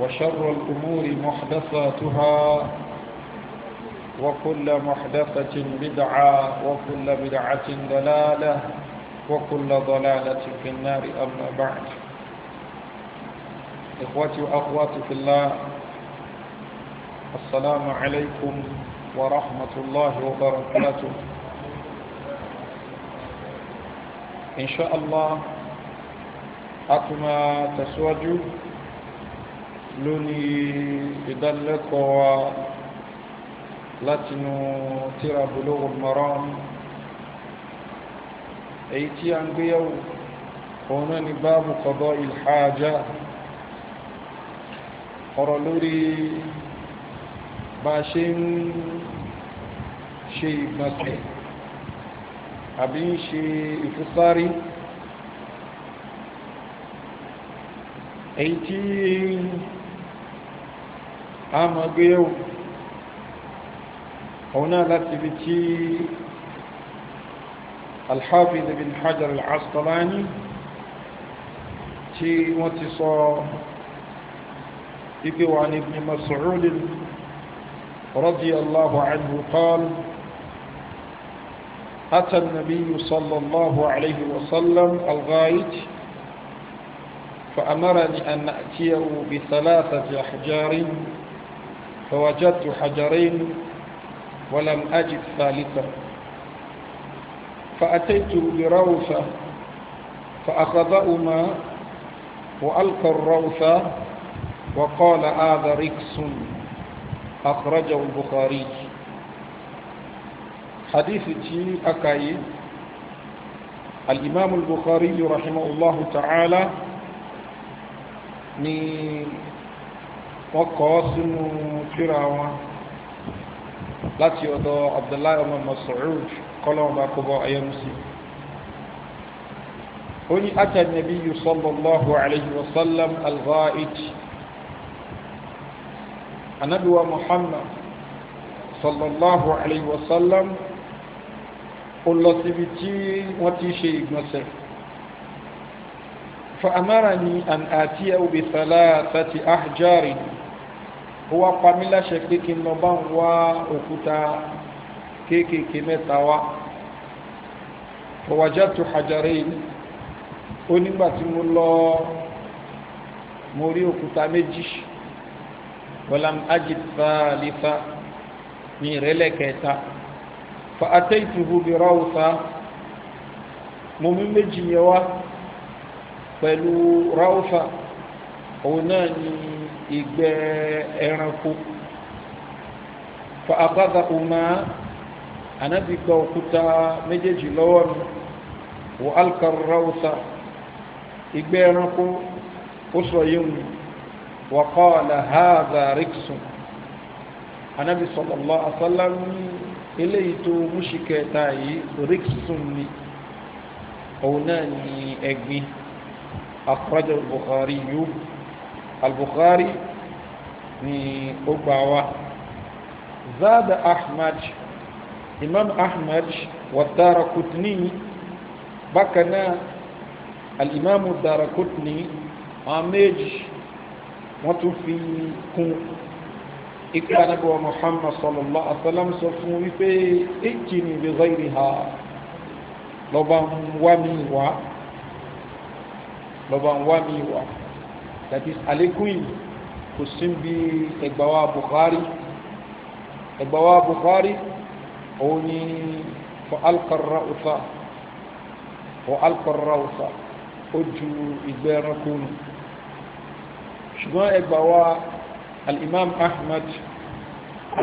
وشر الأمور محدثاتها وكل محدثة بدعة وكل بدعة ضلالة وكل ضلالة في النار أما بعد إخوتي وأخواتي في الله السلام عليكم ورحمة الله وبركاته إن شاء الله أتما تسوجوا lórí ìdánilẹ́kọ̀ọ́ wa látinú tíra Bulughul Maram èyí tí a ń gbéyàwó òun náà ni báàbù qada'il haja ọ̀rọ̀ lórí bá ṣe ń ṣe ìgbọ̀nsẹ̀ àbí ń ṣe ìfúsárí èyí tí amagweo هنا لاتبتي الحافظ بن حجر العسقلاني تي متصا يبيو عن ابن مسعود رضي الله عنه قال أتى النبي صلى الله عليه وسلم الغايت فأمرني أن أتيه بثلاثة أحجار فوجدت حجرين ولم أجد ثالثا فأتيت بروثة فأخذهما وألقى الروثة وقال هذا ركس أخرجه البخاري حديث جي أكاي الإمام البخاري رحمه الله تعالى من wọ́n kọ́ sínú tírà wọn láti ọ̀dọ̀ abdullahi ọmọ masoud kọ́lọ́mọba kọ́bọ̀ ayélujára ó ní atànàbí yìí sallallahu alayhi wa sallam al-ghaid anabiwa muhammad sallallahu alayhi wa sallam ó lọ síbi tí wọ́n ti ṣe ìgbọ̀nsẹ̀ fa amara ni an atiya bi thalathati ahjarin ó wá pa mí láṣẹ pé kí n lọ bá ń wá òkúta kéékèèké mẹ́ta wá fawajatu hajarain ó nígbà tí mo lọ mo rí òkúta méjì walam ajid thalitha ní ìrẹ́lẹ̀ kẹta fa ataytuhu bi rawtha mo mú méjì yẹn wá pẹ̀lú rawtha òun náà ni ìgbẹ́ ẹranko fa abáza ọmọ anabi gba òkúta méjèèjì lọ́wọ́ mi wọ alkarrausa ìgbẹ́ ẹranko ó sọ yìí mi wà kọ́ ọ̀la haza riksun anabi sọlọ́lọ́ asálàmù eléyìí tó múṣìkẹ́ ta yìí ni òun náà ni ẹ̀gbin akhrajahu al-Bukhari al-bukhari ni ó gbà wá zada ahmad imam ahmad wa darakutni bákan náà al-imam darakutni àwọn méjì wọ́n tún fi kún ikú anábọ̀ muhammad sallallahu alaihi wasallam sọ fún wípé ijini bi ghayriha lọ́ba ń wá mi wá lọ́ba ń wá mi wá that is àlékún yìí kò sí bí ẹgbàwá Bukhari ẹgbàwá Bukhari òun ni fọ alkọrọ ọ̀sá fọ alkọrọ ọ̀sá ó ju ìgbẹ́ ẹranko nù ṣùgbọ́n ẹgbàwá al-imam Ahmad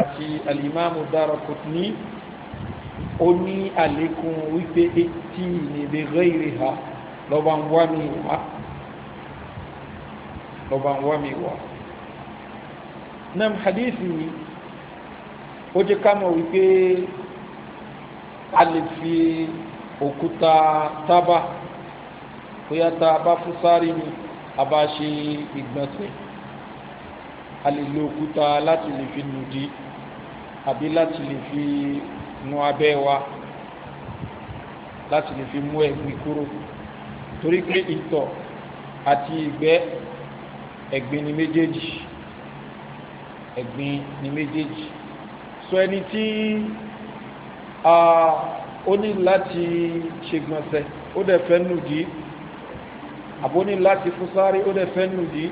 àti al-imam Daraqutni ó ní àlékún wípé etí ni bi ghayriha lọ́ba ń wá ní ìhà lọ́ba ń wá mi wá nam hadithi yìí ó jẹ́ ká mọ̀ wípé a lè fi òkúta tábà bóyá tá ni a bá ṣe ìgbọ̀nsẹ̀ a lè lo òkúta láti lè fi nùdí àbí láti lè fi nu abẹ́ wa láti lè fi mú ẹ̀gbin kúrò torí pé ìtọ̀ àti ìgbẹ́ ẹ̀gbin ni méjèèjì ẹ̀gbin ni méjèèjì sọ ẹni tí ó ní láti ṣègbọ̀nsẹ̀ ó dẹ̀ fẹ́ nù dí àbó ní láti fún sáré ó dẹ̀ fẹ́ nù dí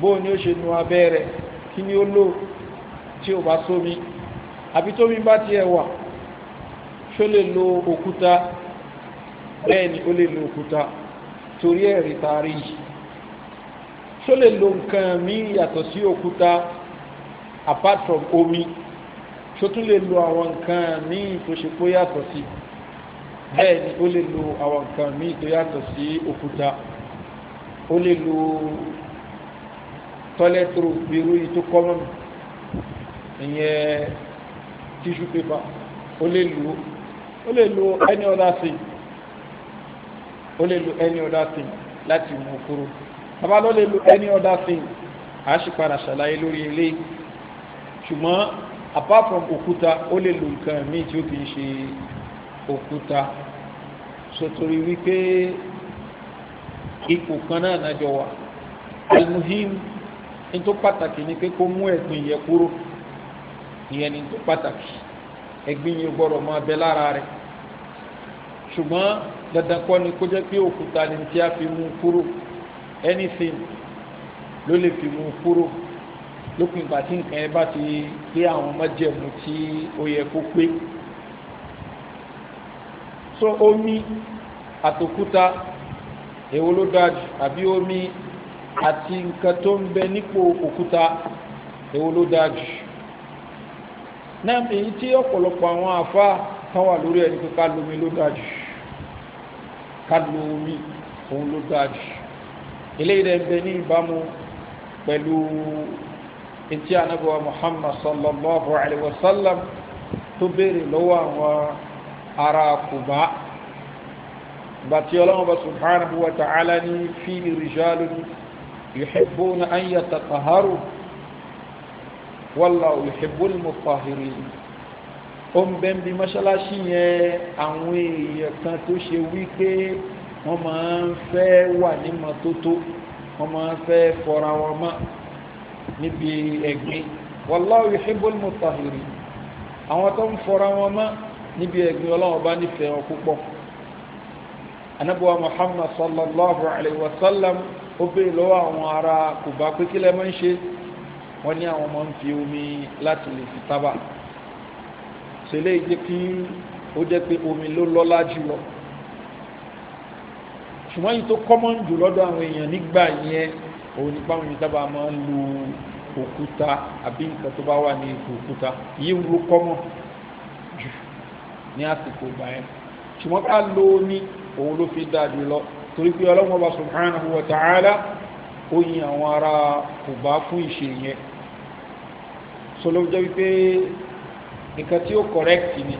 bó ni ó ṣe nu abẹ́ kí ni ó lò tí ó bá sómi àbí tómi bá tiẹ̀ wà ṣó lè lo òkúta bẹ́ẹ̀ ni ó lè lo òkúta torí ẹ̀rí taari yìí ṣó lè lo nǹkan mi yàtọ̀ sí òkúta apart from omi ṣó tún lè lo àwọn nǹkan mi tó ṣe pé yàtọ̀ sí bẹ́ẹ̀ ni ó lè lo àwọn nǹkan mi tó yàtọ̀ sí òkúta ó lè lo tọ́lẹ́tìrò gbèrú yìí tó kọ́ mọ́nà ìyẹn tissue paper ó lè lo ó lè lo any other thing ó lè lo any other thing láti mú kúrò tàbá ló lè lo any other thing a ṣì padà ṣàlàyé lórí ilé ṣùgbọ́n apart from òkúta ó lè lo nǹkan míì tí ó kì í ṣe òkúta sotori wípé ipò kan náà nájọ wa almuhim ní tó pàtàkì ni pé kó mú ẹ̀gbin yẹ kúrò ìyẹn ní tó pàtàkì ẹ̀gbin yẹn gbọ́dọ̀ máa bẹ lára rẹ̀ ṣùgbọ́n dandan kọ́ ni kó jẹ́ pé òkúta ni tí a fi mú kúrò anything ló lè fi mú kúrò lópin ìgbà tí nǹkan ẹ bá ti pé àwọn májẹ̀mú tí ó yẹ kó pé so omi àtòkúta èwo ló dáa jù àbí omi àti nǹkan tó ń bẹ nípò òkúta èwo ló dáa jù náà èyí tí ọ̀pọ̀lọpọ̀ àwọn àfa kan wà lórí ẹni pé ká lo ló dáa ká lo omi òun ló dáa eléyìí dẹ̀ ń bẹ ní ìbámu pẹ̀lú etí anabiwa muhammad sallallahu alayhi wa sallam tó béèrè lọ́wọ́ àwọn ará Kùbá bàtí ọlọ́run bá subhanahu wa ta'ala ní fi rijalun yuhibbuna an yatatahharu wallahu yuhibbul mutahhirin ó ń bẹ́ẹ̀ bí mọ́ṣáláṣí yẹn àwọn èèyàn kan tó ṣe wí pé wọ́n máa ń fẹ́ wà ní mọ́tótó wọ́n máa ń fẹ́ fọra wọn mọ́ níbi ẹ̀gbin wallahu yuhibbul mutahhirin àwọn tó ń fọra wọn mọ́ níbi ẹ̀gbin ọlọ́wọ́n bá nífẹ̀ẹ́ wọn púpọ̀ anabuwa muhammad sallallahu alayhi wa sallam ó bèèrè lọ́wọ́ àwọn ará kùbá pé kí lẹ́ máa ń ṣe wọ́n ní àwọn máa ń fi omi láti lè fi tábà ṣẹlẹ̀ ìjẹ́ kí ó jẹ́ pé omi ló lọ́lá jùlọ ṣùgbọ́n yìí tó common jù lọ́dọ̀ àwọn èèyàn nígbà yẹn òun nípa àwọn ìjọba máa ń lu òkúta àbí nǹkan tó bá wà ní ipò òkúta yìí ń lo common jù ní àsìkò ìgbà yẹn ṣùgbọ́n ká lo ní òun ló fi dáa lọ torí pé ọlọ́run ọba subhanahu wa ta'ala ó yin àwọn ará Kùbá fún ìṣe yẹn so jẹ́ wípé nǹkan tí ó correct ni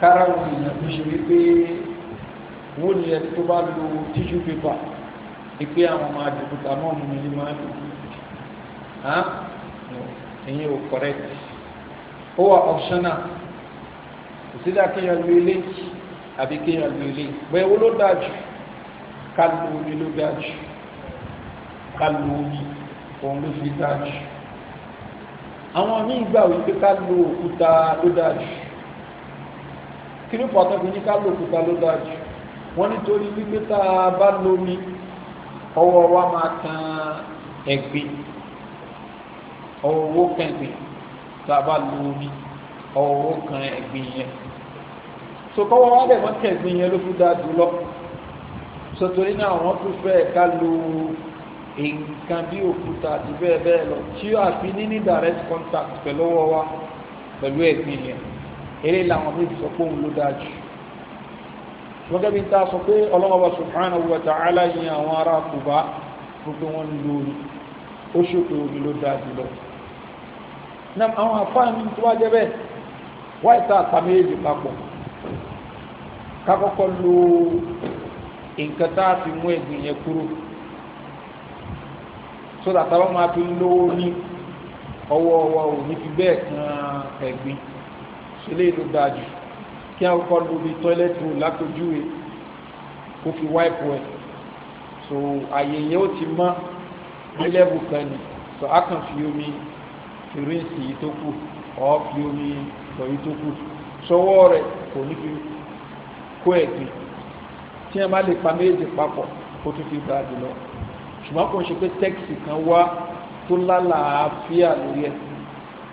kára òun ìyàn tó ṣe wípé wọ́n ní ẹni tó bá lo tissue paper ni pé àwọn máa dùkúta mọ́ ọ̀hún ní máa lò ẹ̀yin ò correct ó wà optional kò sí dá kéèyàn lo ilé àbí kéèyàn lo ilé bẹ́ẹ̀ wo ló dáa jù ká lo omi ló dáa jù ká lo omi òun ló fi dáa jù àwọn míì gbà wípé ká lo òkúta ló dáa jù kí ló pàtàkì ní ká lo òkúta ló dáa jù wọ́n nítorí wípé tá a bá lómi ọwọ́ wa máa kan ẹ̀gbin ọwọ́ owó kan ẹ̀gbin tá a bá lómi ọwọ́ owó kan ẹ̀gbin yẹn so kọ́wọ́ wa dẹ̀ wọ́n kẹ̀gbin yẹn ló fi dáa jùlọ so torí náà wọ́n tún fẹ́ ká lo nǹkan bí òkúta àti bẹ́ẹ̀ bẹ́ẹ̀ lọ tí yóò àfi ní direct contact pẹ̀lú ọwọ́ wa pẹ̀lú ẹ̀gbin yẹn eré làwọn méjì sọ pé òun ló dáa jù wọ́n gẹ́bí ta sọ pé ọlọ́wọ́ subhanahu wa ta'ala yin àwọn ará Kùbá gbogbo wọn lórí ó ṣòkè omi ló dáa jùlọ na àwọn afáàmì tó wá jẹ́ bẹ́ẹ̀ wáyé tá papọ̀ kakọ́kọ́ lo nǹkan tá a fi mú ẹ̀gbìn yẹn kúrò sódà táwọn máa fi lówó ní ọwọ́ ọwọ́ òní fi bẹ́ẹ̀ kan ẹ̀gbìn ṣe ló dáa jù kí àwọn kan lóbi tọ́lẹ́tì lápèjúwe kó fi wáìpù ẹ̀ so àyè yẹn ó ti mọ́ nílẹ̀bù kan ni so a kàn fi omi fi rinsi yìí tó kù ọ́ fi omi lọ yìí tó kù sọwọ́ rẹ̀ kò ní fi kó ẹ̀gbìn tí a má lè pa méjì papọ̀ kó tó fi gbà jùlọ ṣùgbọ́n kò ń ṣe pé tẹ́kìsì kan wá tó lálàáfíà lórí ẹ̀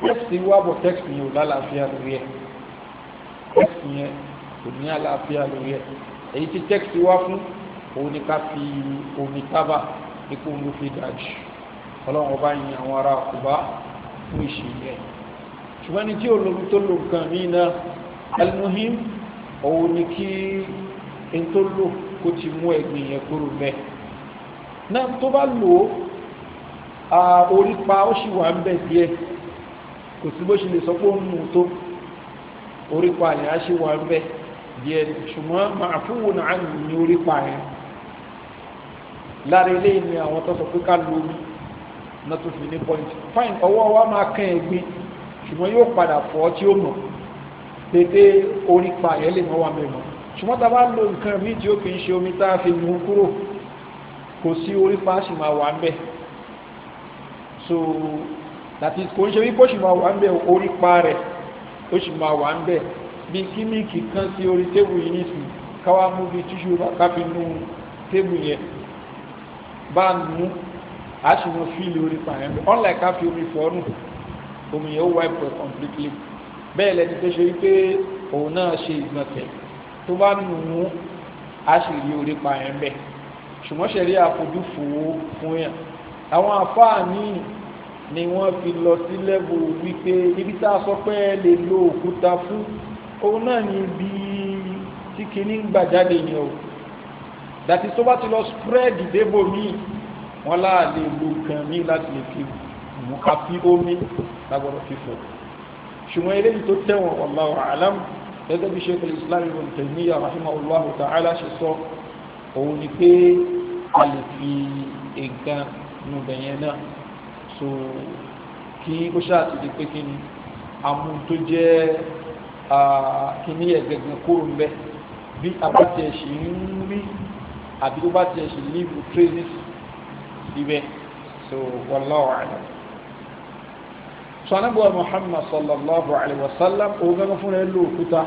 tẹ́kìsì wá bọ̀ tẹ́kìsì yìí ò lálàáfíà lórí ẹ̀ tẹ́kìtì yẹn kò ní àlàáfíà lórí ẹ̀ èyí tí tẹ́kìtì wá fún òun ni ká fi omi tábà ipò ló fi dájú ọlọ́run ọba yin àwọn ará Kùbá fún ìṣèlú ẹ̀ ṣùgbọ́n ní tí olórí tó lo nǹkan mí náà alimuhim òun ni kí n tó lò kó ti mú ẹ̀gbìn yẹn kúrò mẹ́ náà tó bá lò ó orí pa ó sì wà ń bẹ̀ díẹ̀ kò sí bó ṣe lè sọ pé ó ń mú tó orípa yẹn á ṣe wà ń bẹ díẹ̀ ṣùgbọ́n màá fún wọn náà ní orípa yẹn lára ilé ni àwọn tó sọ pé ká lo omi náà tó fi ní pọ́ìntì fine ọwọ́ wa máa kàn ẹ́ gbin ṣùgbọ́n yóò padà fọ́ tí ó mọ̀ pété orípa yẹn lè mọ́ wa mẹ́mọ́ ṣùgbọ́n tá bá lo nǹkan míì tí ó fi ń ṣe omi tá a fi nu kúrò kò sí orípa sì máa wà ń so that is kò ń ṣe wípé ó sì máa wà ń orípa rẹ̀ ó sì máa wà ń bẹ̀ bí kíníìkì kan sí orí tébù yìí nìsín káwá mú bí tíṣù bàbá fi nú tébù yẹn bá ń mú a sì mọ fíìlì orí pààyàn bẹ́ẹ̀ unlike ká fi omi fọ́ nù omi yẹn ó wipe it completely bẹ́ẹ̀ lẹni tó ṣe wípé òun náà ṣe ìgbọ̀nsẹ̀ tó bá nù ú a sì rí orí pààyàn bẹ́ẹ̀ ṣùgbọ́n ṣẹ̀rí àfojúfò fún yàn àwọn àfáà míì ni wọ́n fi lọ sí lẹ́bù wípé ibi tá a sọ pé lè lo òkúta fún òun náà ni ibi tí kìíní ń gbà jáde yẹn o dàtí tó bá ti lọ spread débò míì wọ́n láà lè lo nǹkan míì láti lè fi mú ká fi omi lágbọ́dọ̀ fi fọ̀ eléyìí tó tẹ̀wọ̀n wallahu a'lam gẹ́gẹ́ bí sheikh al-islam ibn taymiyyah rahimahullahu ta'ala ṣe sọ òun ni pé a lè fi nǹkan nù bẹ̀yẹn náà so kí ó ṣáà ti di pé kí ni amú tó jẹ́ kí ni ẹ̀gẹ̀gẹ̀ kúrò ń bẹ́ bí abátiẹ̀ ṣì ń rí àbí tó bá tiẹ̀ ṣì leave traces síbẹ̀ so wallahu a'lam so anabuwa muhammad sallallahu alaihi wa sallam òun gángan fún ẹ lóòkúta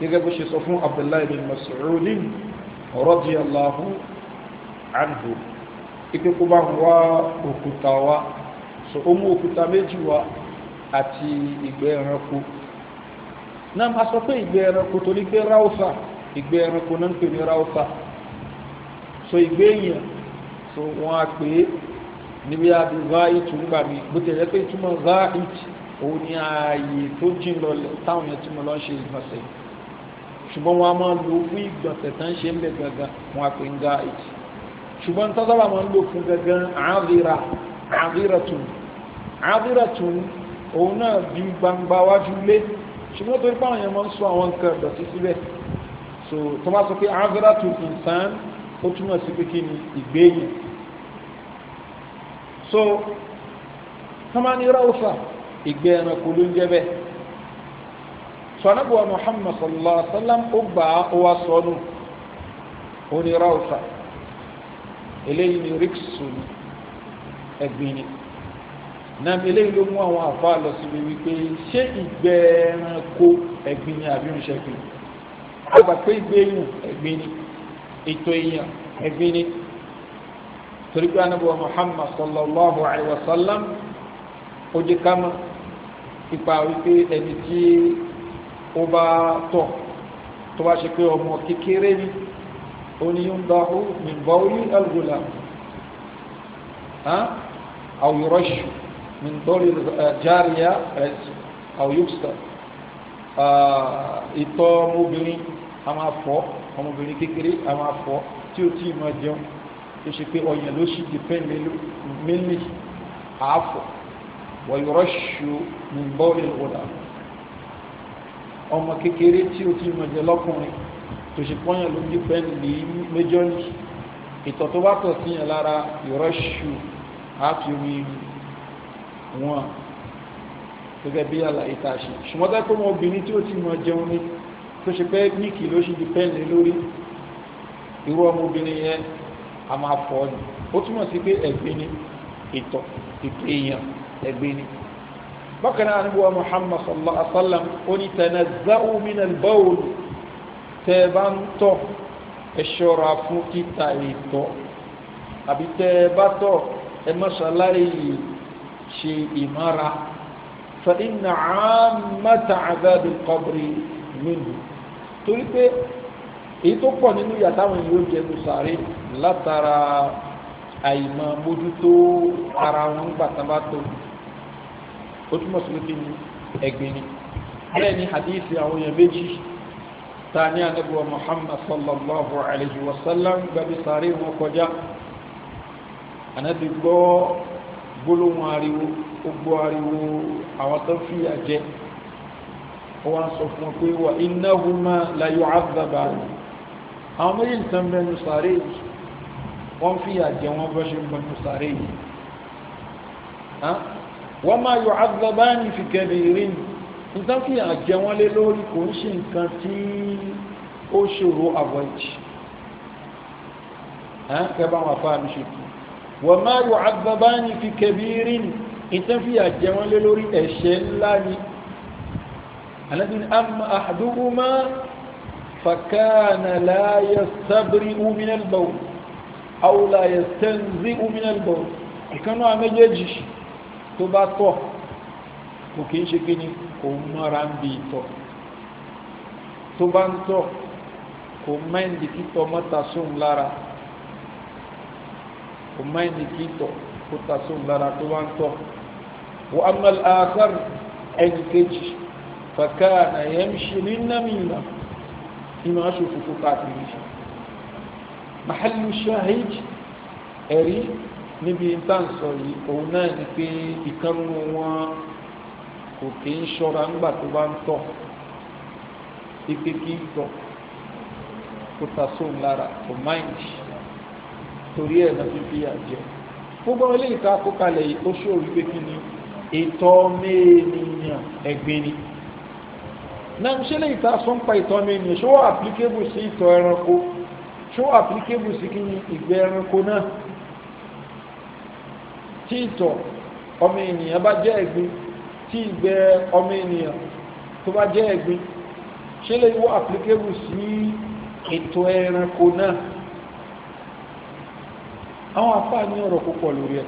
gẹ́gẹ́ bó ṣe sọ fún abdullahi bin mas'udin radiyallahu anhu ipe kó bá ń wá òkúta wa so ó mú òkúta méjì wá àti ìgbẹ́ ẹranko náà máa sọ pé ìgbẹ́ ẹranko torí pé ráùsà ìgbẹ́ ẹranko náà ń pè ní ráùsà so ìgbẹ́ èèyàn so wọ́n á pè é níbi àbí záìtù ń gbà mí bó ti pé ìtumọ̀ záìtù òun ni ààyè tó jìn lọlẹ̀ táwọn yẹn tí mo lọ ṣe ìgbọ̀nsẹ̀ ṣùgbọ́n wọn a máa lò fún ìgbọ̀nsẹ̀ tó ń ṣe ń bẹ̀ gangan wọn a pè ń záìtù ṣùgbọ́n tọ́sọ́bà máa ń lò fún gangan àádìrà àádìrà tùmù àdúràtù òun náà ju gbangba wájú lé ṣùgbọ́n tó ipá àwọn máa ń sọ àwọn nǹkan dọ̀tí síbẹ̀ so tó bá sọ pé àdúràtù ìsán ó túmọ̀ sí pé kí ni ìgbéyìn so tamani rausa ìgbé ẹranko ló ń jẹ́ bẹ́ẹ̀ sọ̀nàbùwà Muhammad sallallahu alaihi wa sallam ó gbà ó wá sọ́nù ó ní rausa eléyìí ni ríksù ẹ̀gbìn ni náà eléyìí ló mú àwọn àfa lọ síbi wípé ṣé ìgbẹ́ ẹranko ẹ̀gbin ni àbí oúnjẹ gbìn àgbà pé ìgbẹ́ èèyàn ẹ̀gbin ni ètò èèyàn ẹ̀gbin ni torí pé anábọ̀ Muhammad sallallahu alayhi wa sallam ó jẹ́ ká mọ̀ ipa wípé ẹni tí ó bá tọ̀ tó bá ṣe pé ọmọ kékeré ni ó ní yóò ń àwòrán ṣùgbọ́n. من بول الجارية أو يكسر ìtọ́ ọmọbìnrin a máa fọ́ ọmọbìnrin kékeré a máa fọ́ tí ó tí ìmọ̀ jẹun tó ṣe pé ọyàn ló ṣì dìpẹ́ǹd mílì àáfọ̀ wọ̀yọ̀rọ̀ṣù ní bọ́ọ̀lì ìwọ̀dà ọmọ kékeré tí ó tí ìmọ̀ jẹ lọ́kùnrin tó ṣe pọ́yàn ló dìpẹ́ǹd wọn gẹ́gẹ́ bí àlàyé tá a ṣe ṣùgbọ́n tá pé wọn obìnrin tí ó ti mọ jẹun ní tó ṣe pé wíìkì ló ṣe dìpẹ́ǹdì lórí irú ọmọbìnrin yẹn a máa fọ ọ ni ó túmọ̀ sí pé ẹ̀gbin ni ìtọ̀ ìtọ̀ èèyàn ẹ̀gbin ni bákan náà níbo Muhammad sallallahu alaihi wa sallam ó ní tanazza'u min al-bawl tẹ́ ẹ bá ń tọ̀ ẹ ṣọ́ra fún kíta ìtọ̀ àbí tẹ́ ẹ bá tọ̀ ẹ mọ́ṣáláyìí ṣe ìmára fa inna ammata adhabi al-qabri minhu torí pé èyí tó pọ̀ nínú ìyà táwọn èèyàn ó jẹ ló sàárè látara àìmọ̀ mójútó ara wọn gbà tán bá tó ó túmọ̀ sí pé ní ẹ̀gbin ni bẹ́ẹ̀ ni hadithi àwọn èèyàn méjì ta ní anábíwá muhammad sallallahu alayhi wa sallam gbàbí sàárè wọn kọjá anábí gbọ́ gbólóhùn ariwo ó gbọ́ ariwo àwọn tó fi àjẹ́ ó wá ń sọ fún wọn pé wà innahuma la yu'azzabani àwọn méjì tán bẹnu sàárè yìí wọ́n fi àjẹ́ wọn bọ́ ṣe ń bẹnu sàárè yìí wa ma yu'azzabani fi kabirin nǹkan fi àjẹ́ wọn lé lórí kò ń ṣe nǹkan tí ó ṣòro avoid kẹ́ bá wọn afá mi ṣe wọ́n máa yọ àgbàbá ní fi kẹbírí ní ìtàn fi àjẹ wọn lé lórí ẹ̀ṣẹ̀ ńlá ni alábìnrin àmà àdúgbò máa fàkànà láyé sábírí uminalbau àwòlà ẹ̀sẹ̀nzí uminalbau ìkanú àmẹ́jẹ́jì tó bá tọ̀ kò kí ń ṣe kí ni kò mọ́ra ń bí ìtọ̀ tó bá ń tọ̀ kò mẹ́ndì títọ̀ mọ́ta sóhun lára kò máìndì kí tọ̀ kó ta sóun lára tó wá ń tọ̀ wọ́n amal akar ẹnì kejì fàkà àyẹ̀ ń ṣe ní nàmìnà ìmọ̀ aṣòfófó káàkiri mahalu shahid ẹ̀rí níbi ìtànsọ yìí òun náà ni pé ìkànnù wọn kò kí ń ṣọ́ra ńgbà tó torí ẹ̀ náà fífi àjẹ gbogbo ilé ìta àkókalẹ̀ yìí ó ṣòro pé kí ni ìtọ́ mẹ́ẹ̀ẹ́nìyàn ẹ̀gbin ni náà ṣé lè ìta sọ ń pa ìtọ́ mẹ́ẹ̀ẹ́nìyàn ṣó àplikébù sí ìtọ́ ẹranko ṣó àplikébù sí kí ni ìgbẹ́ ẹranko náà tí ìtọ̀ ọmọ ènìyàn bá jẹ́ ẹ̀gbin tí ìgbẹ́ ọmọ ènìyàn tó bá jẹ́ ẹ̀gbin ṣé lè wọ́n àplikébù sí ètò ẹranko náà àwọn àfáà ní ọ̀rọ̀ púpọ̀ lórí ẹ̀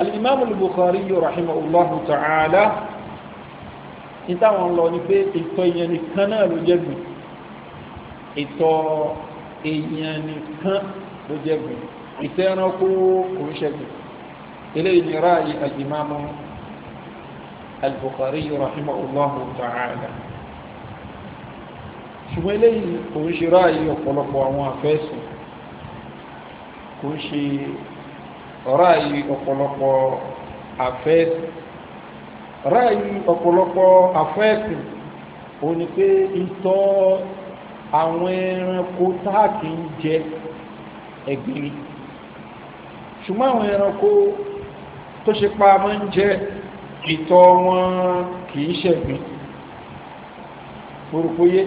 al-imam al-bukhari rahimahullahu ta'ala ní táwọn lọ ni pé ìtọ̀ èèyàn nìkan náà ló jẹ́ gbìn ìtọ̀ èèyàn nìkan ló jẹ́ gbìn ìtọ̀ ẹranko kò ń ṣẹ́gbìn eléyìí ni ráàyè al-imam al-bukhari ṣùgbọ́n eléyìí kò ń ọ̀pọ̀lọpọ̀ àwọn àfẹ́sùn kò ń ṣe ráàyè ọ̀pọ̀lọpọ̀ àfẹ́ẹ̀sì ráàyè ọ̀pọ̀lọpọ̀ àfẹ́ẹ̀sì ò ní pé ìtọ́ àwọn ẹranko táàkì ń jẹ ẹ̀gbìn ṣùgbọ́n àwọn ẹranko tó ṣe pa máa ń jẹ ìtọ́ wọn kì í ṣẹ̀gbìn orúkóyé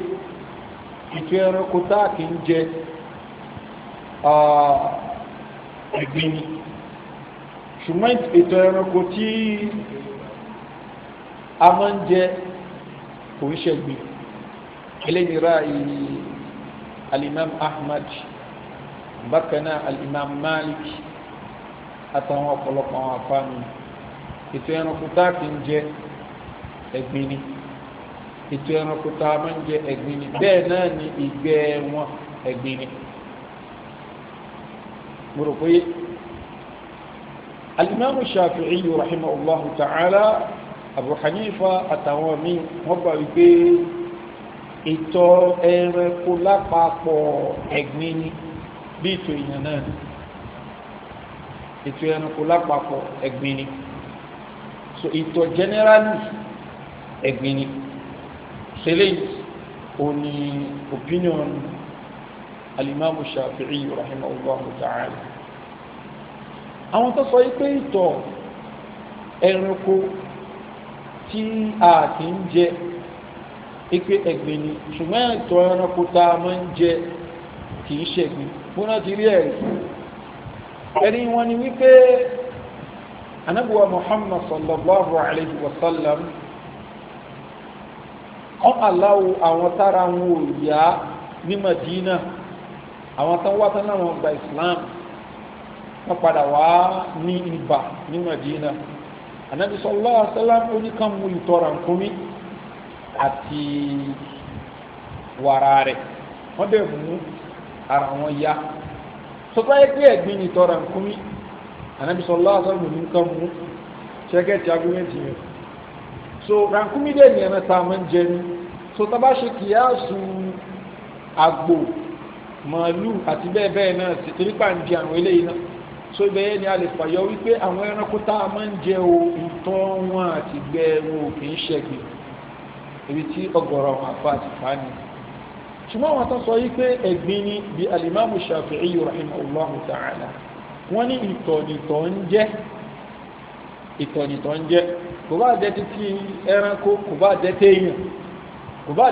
ìtọ́ ẹranko táàkì ń jẹ ẹ̀gbin ni ṣùgbọ́n ètò ẹranko tí a máa ń jẹ kò ń ṣẹ̀gbin eléyìí ráàyè alimam ahmad bákan náà malik àtàwọn ọ̀pọ̀lọpọ̀ àwọn afáàmì ètò ẹranko tá a ti ń jẹ ẹ̀gbin ni ètò ẹranko tá a máa ń jẹ ẹ̀gbin ni bẹ́ẹ̀ náà ni ìgbẹ́ wọn ẹ̀gbin ni mo rò pé alimami shafi'i rahimahullahu ta'ala abu hanifa àtàwọn míì wọ́n gbà wípé ìtọ̀ ẹranko lápapọ̀ ẹ̀gbin ni bí ìtọ̀ èèyàn náà ìtọ̀ ẹranko lápapọ̀ so ìtọ̀ generally ẹ̀gbin ni ṣẹlẹ̀ opinion alimami shafi'i rahimahullahu ta'ala àwọn tó sọ yìí pé ìtọ̀ ẹranko tí a kì í jẹ ipe ẹ̀gbin ni ṣùgbọ́n ìtọ̀ ẹranko tá a máa ń jẹ kì í ṣẹ̀gbin múná ti rí ẹ̀rí ẹ̀rí wọn ni anabuwa muhammad sallallahu alayhi wa sallam ọ aláwo àwọn tára wọn ò yá madina àwọn tán wá tán náà wọ́n gba islam wọ́n padà wá ní ibà ní madina anabi sallallahu alaihi wasallam oníkàmú ìtọ́ra nkúmi àti wàrà rẹ̀ wọ́n dẹ̀ mú ara wọn ya sọtọ́ yẹ pé ẹ̀gbin ní ìtọ́ra nkúmi anabi sallallahu alaihi wasallam oníkàmú ṣẹ́gẹ́ ti agúmẹ́ntì so rankúmi dẹ̀ ní ẹ̀mẹ́ta máa ń jẹ ní so tá a bá ṣe kìí àsùn àgbò. màálù àti bẹ́ẹ̀ bẹ́ẹ̀ náà torí pà ń di àwọn eléyìí náà so ni a lè fàyọ wípé àwọn ẹranko tá a máa ń jẹ o ìtọ́ wọn àti gbẹ wọn ò kì í ṣẹ̀gbìn ibi tí ọgọ̀rọ̀ àwọn àfa àti fa ni ṣùgbọ́n àwọn tó sọ wípé ẹ̀gbin ni bí alimami Shafi'i rahimahullahu ta'ala wọ́n ní ìtọ̀nìtọ̀ ń jẹ́ ìtọ̀nìtọ̀ ń jẹ́ kò bá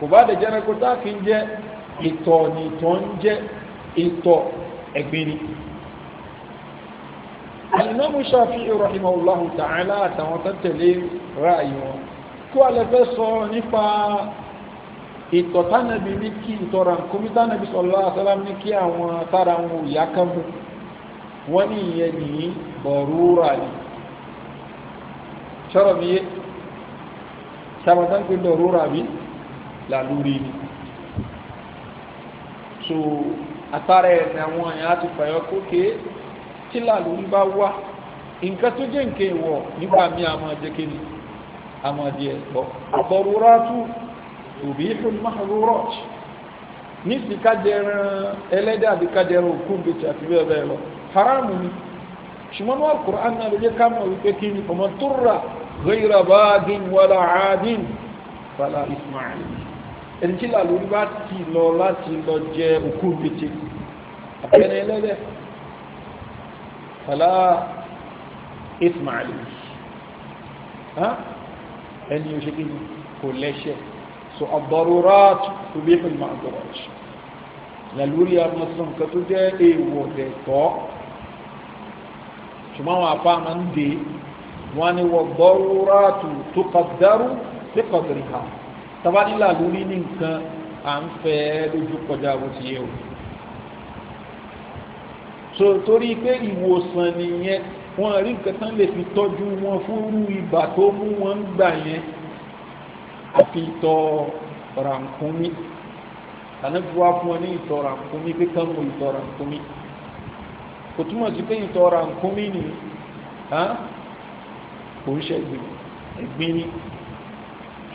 kò bá dẹ̀ jẹ́ ẹranko tá a kì í jẹ ìtọ̀ ní ìtọ̀ ń jẹ ìtọ̀ ẹ̀gbin ni. alimami Shafi'i rahimahullahu ta'ala àtàwọn tó tẹ̀lé ráàyè wọn kí wàá lè fẹ́ sọ nípa ìtọ̀ tánàbí ní kí ìtọ̀ra nkómi tánàbí sọ̀lá àsálàm ní kí àwọn tára wọn ìyá kan mú wọn ní ìyẹn ní bọ̀rúra ni sọ̀rọ̀ mi yé sábà pé bọ̀rúra bíi là lórí ni so àtàrà ẹ̀ ní àwọn èèyàn á ti fàyọ kókè tí là lórí bá wà nǹkan tó jẹ́ nǹkan ìwọ̀ nígbà mí àmọ́ jẹ́kẹ́ ni àmọ́ díẹ̀ pọ̀ àbọ̀rúratù òbí ìfúnmáhàrúrọ̀tì nísì kájẹran ẹlẹ́dẹ̀ àbí kájẹran òkú bìtì àti bẹ́ẹ̀ bẹ́ẹ̀ lọ haramu ni ṣùgbọ́n wọn kùrọ̀ án náà ló jẹ́ ká mọ̀ wípé kí ni ọmọ tó rà غير باد ولا عاد فلا إسماعيل ẹni tí làlórí bá ti lọ láti lọ jẹ òkú gbèjè abẹ́rẹ́ ẹlẹ́dẹ̀ fàlà ismaili ẹni yóò ṣe kí ni kò lẹ́ṣẹ̀ so ad-darurat tubihu al-ma'durat làlórí amọ̀sán kan tó jẹ́ èèwọ̀ rẹ̀ tọ́ ṣùgbọ́n àwọn afá máa ń dè wọ́n ni wọ́n ad-darurat tuqaddaru biqadriha tabanila lórí ní nǹkan à ń fẹ́ lójú kọjá bó ti yẹ o so torí pé ìwòsàn nìyẹn wọn rí nǹkan tán lè fi tọ́jú wọn fúrú ibà tó mú wọn ń gbà yẹn àfi ìtọ̀ rànkúnmí ànágbéwá fún wọn ní ìtọ̀ rànkúnmí pé kán mú ìtọ̀ rànkúnmí kò túmọ̀ sí pé ìtọ̀ rànkúnmí ni kò ń ṣẹ̀gbìn ẹ̀gbìn ni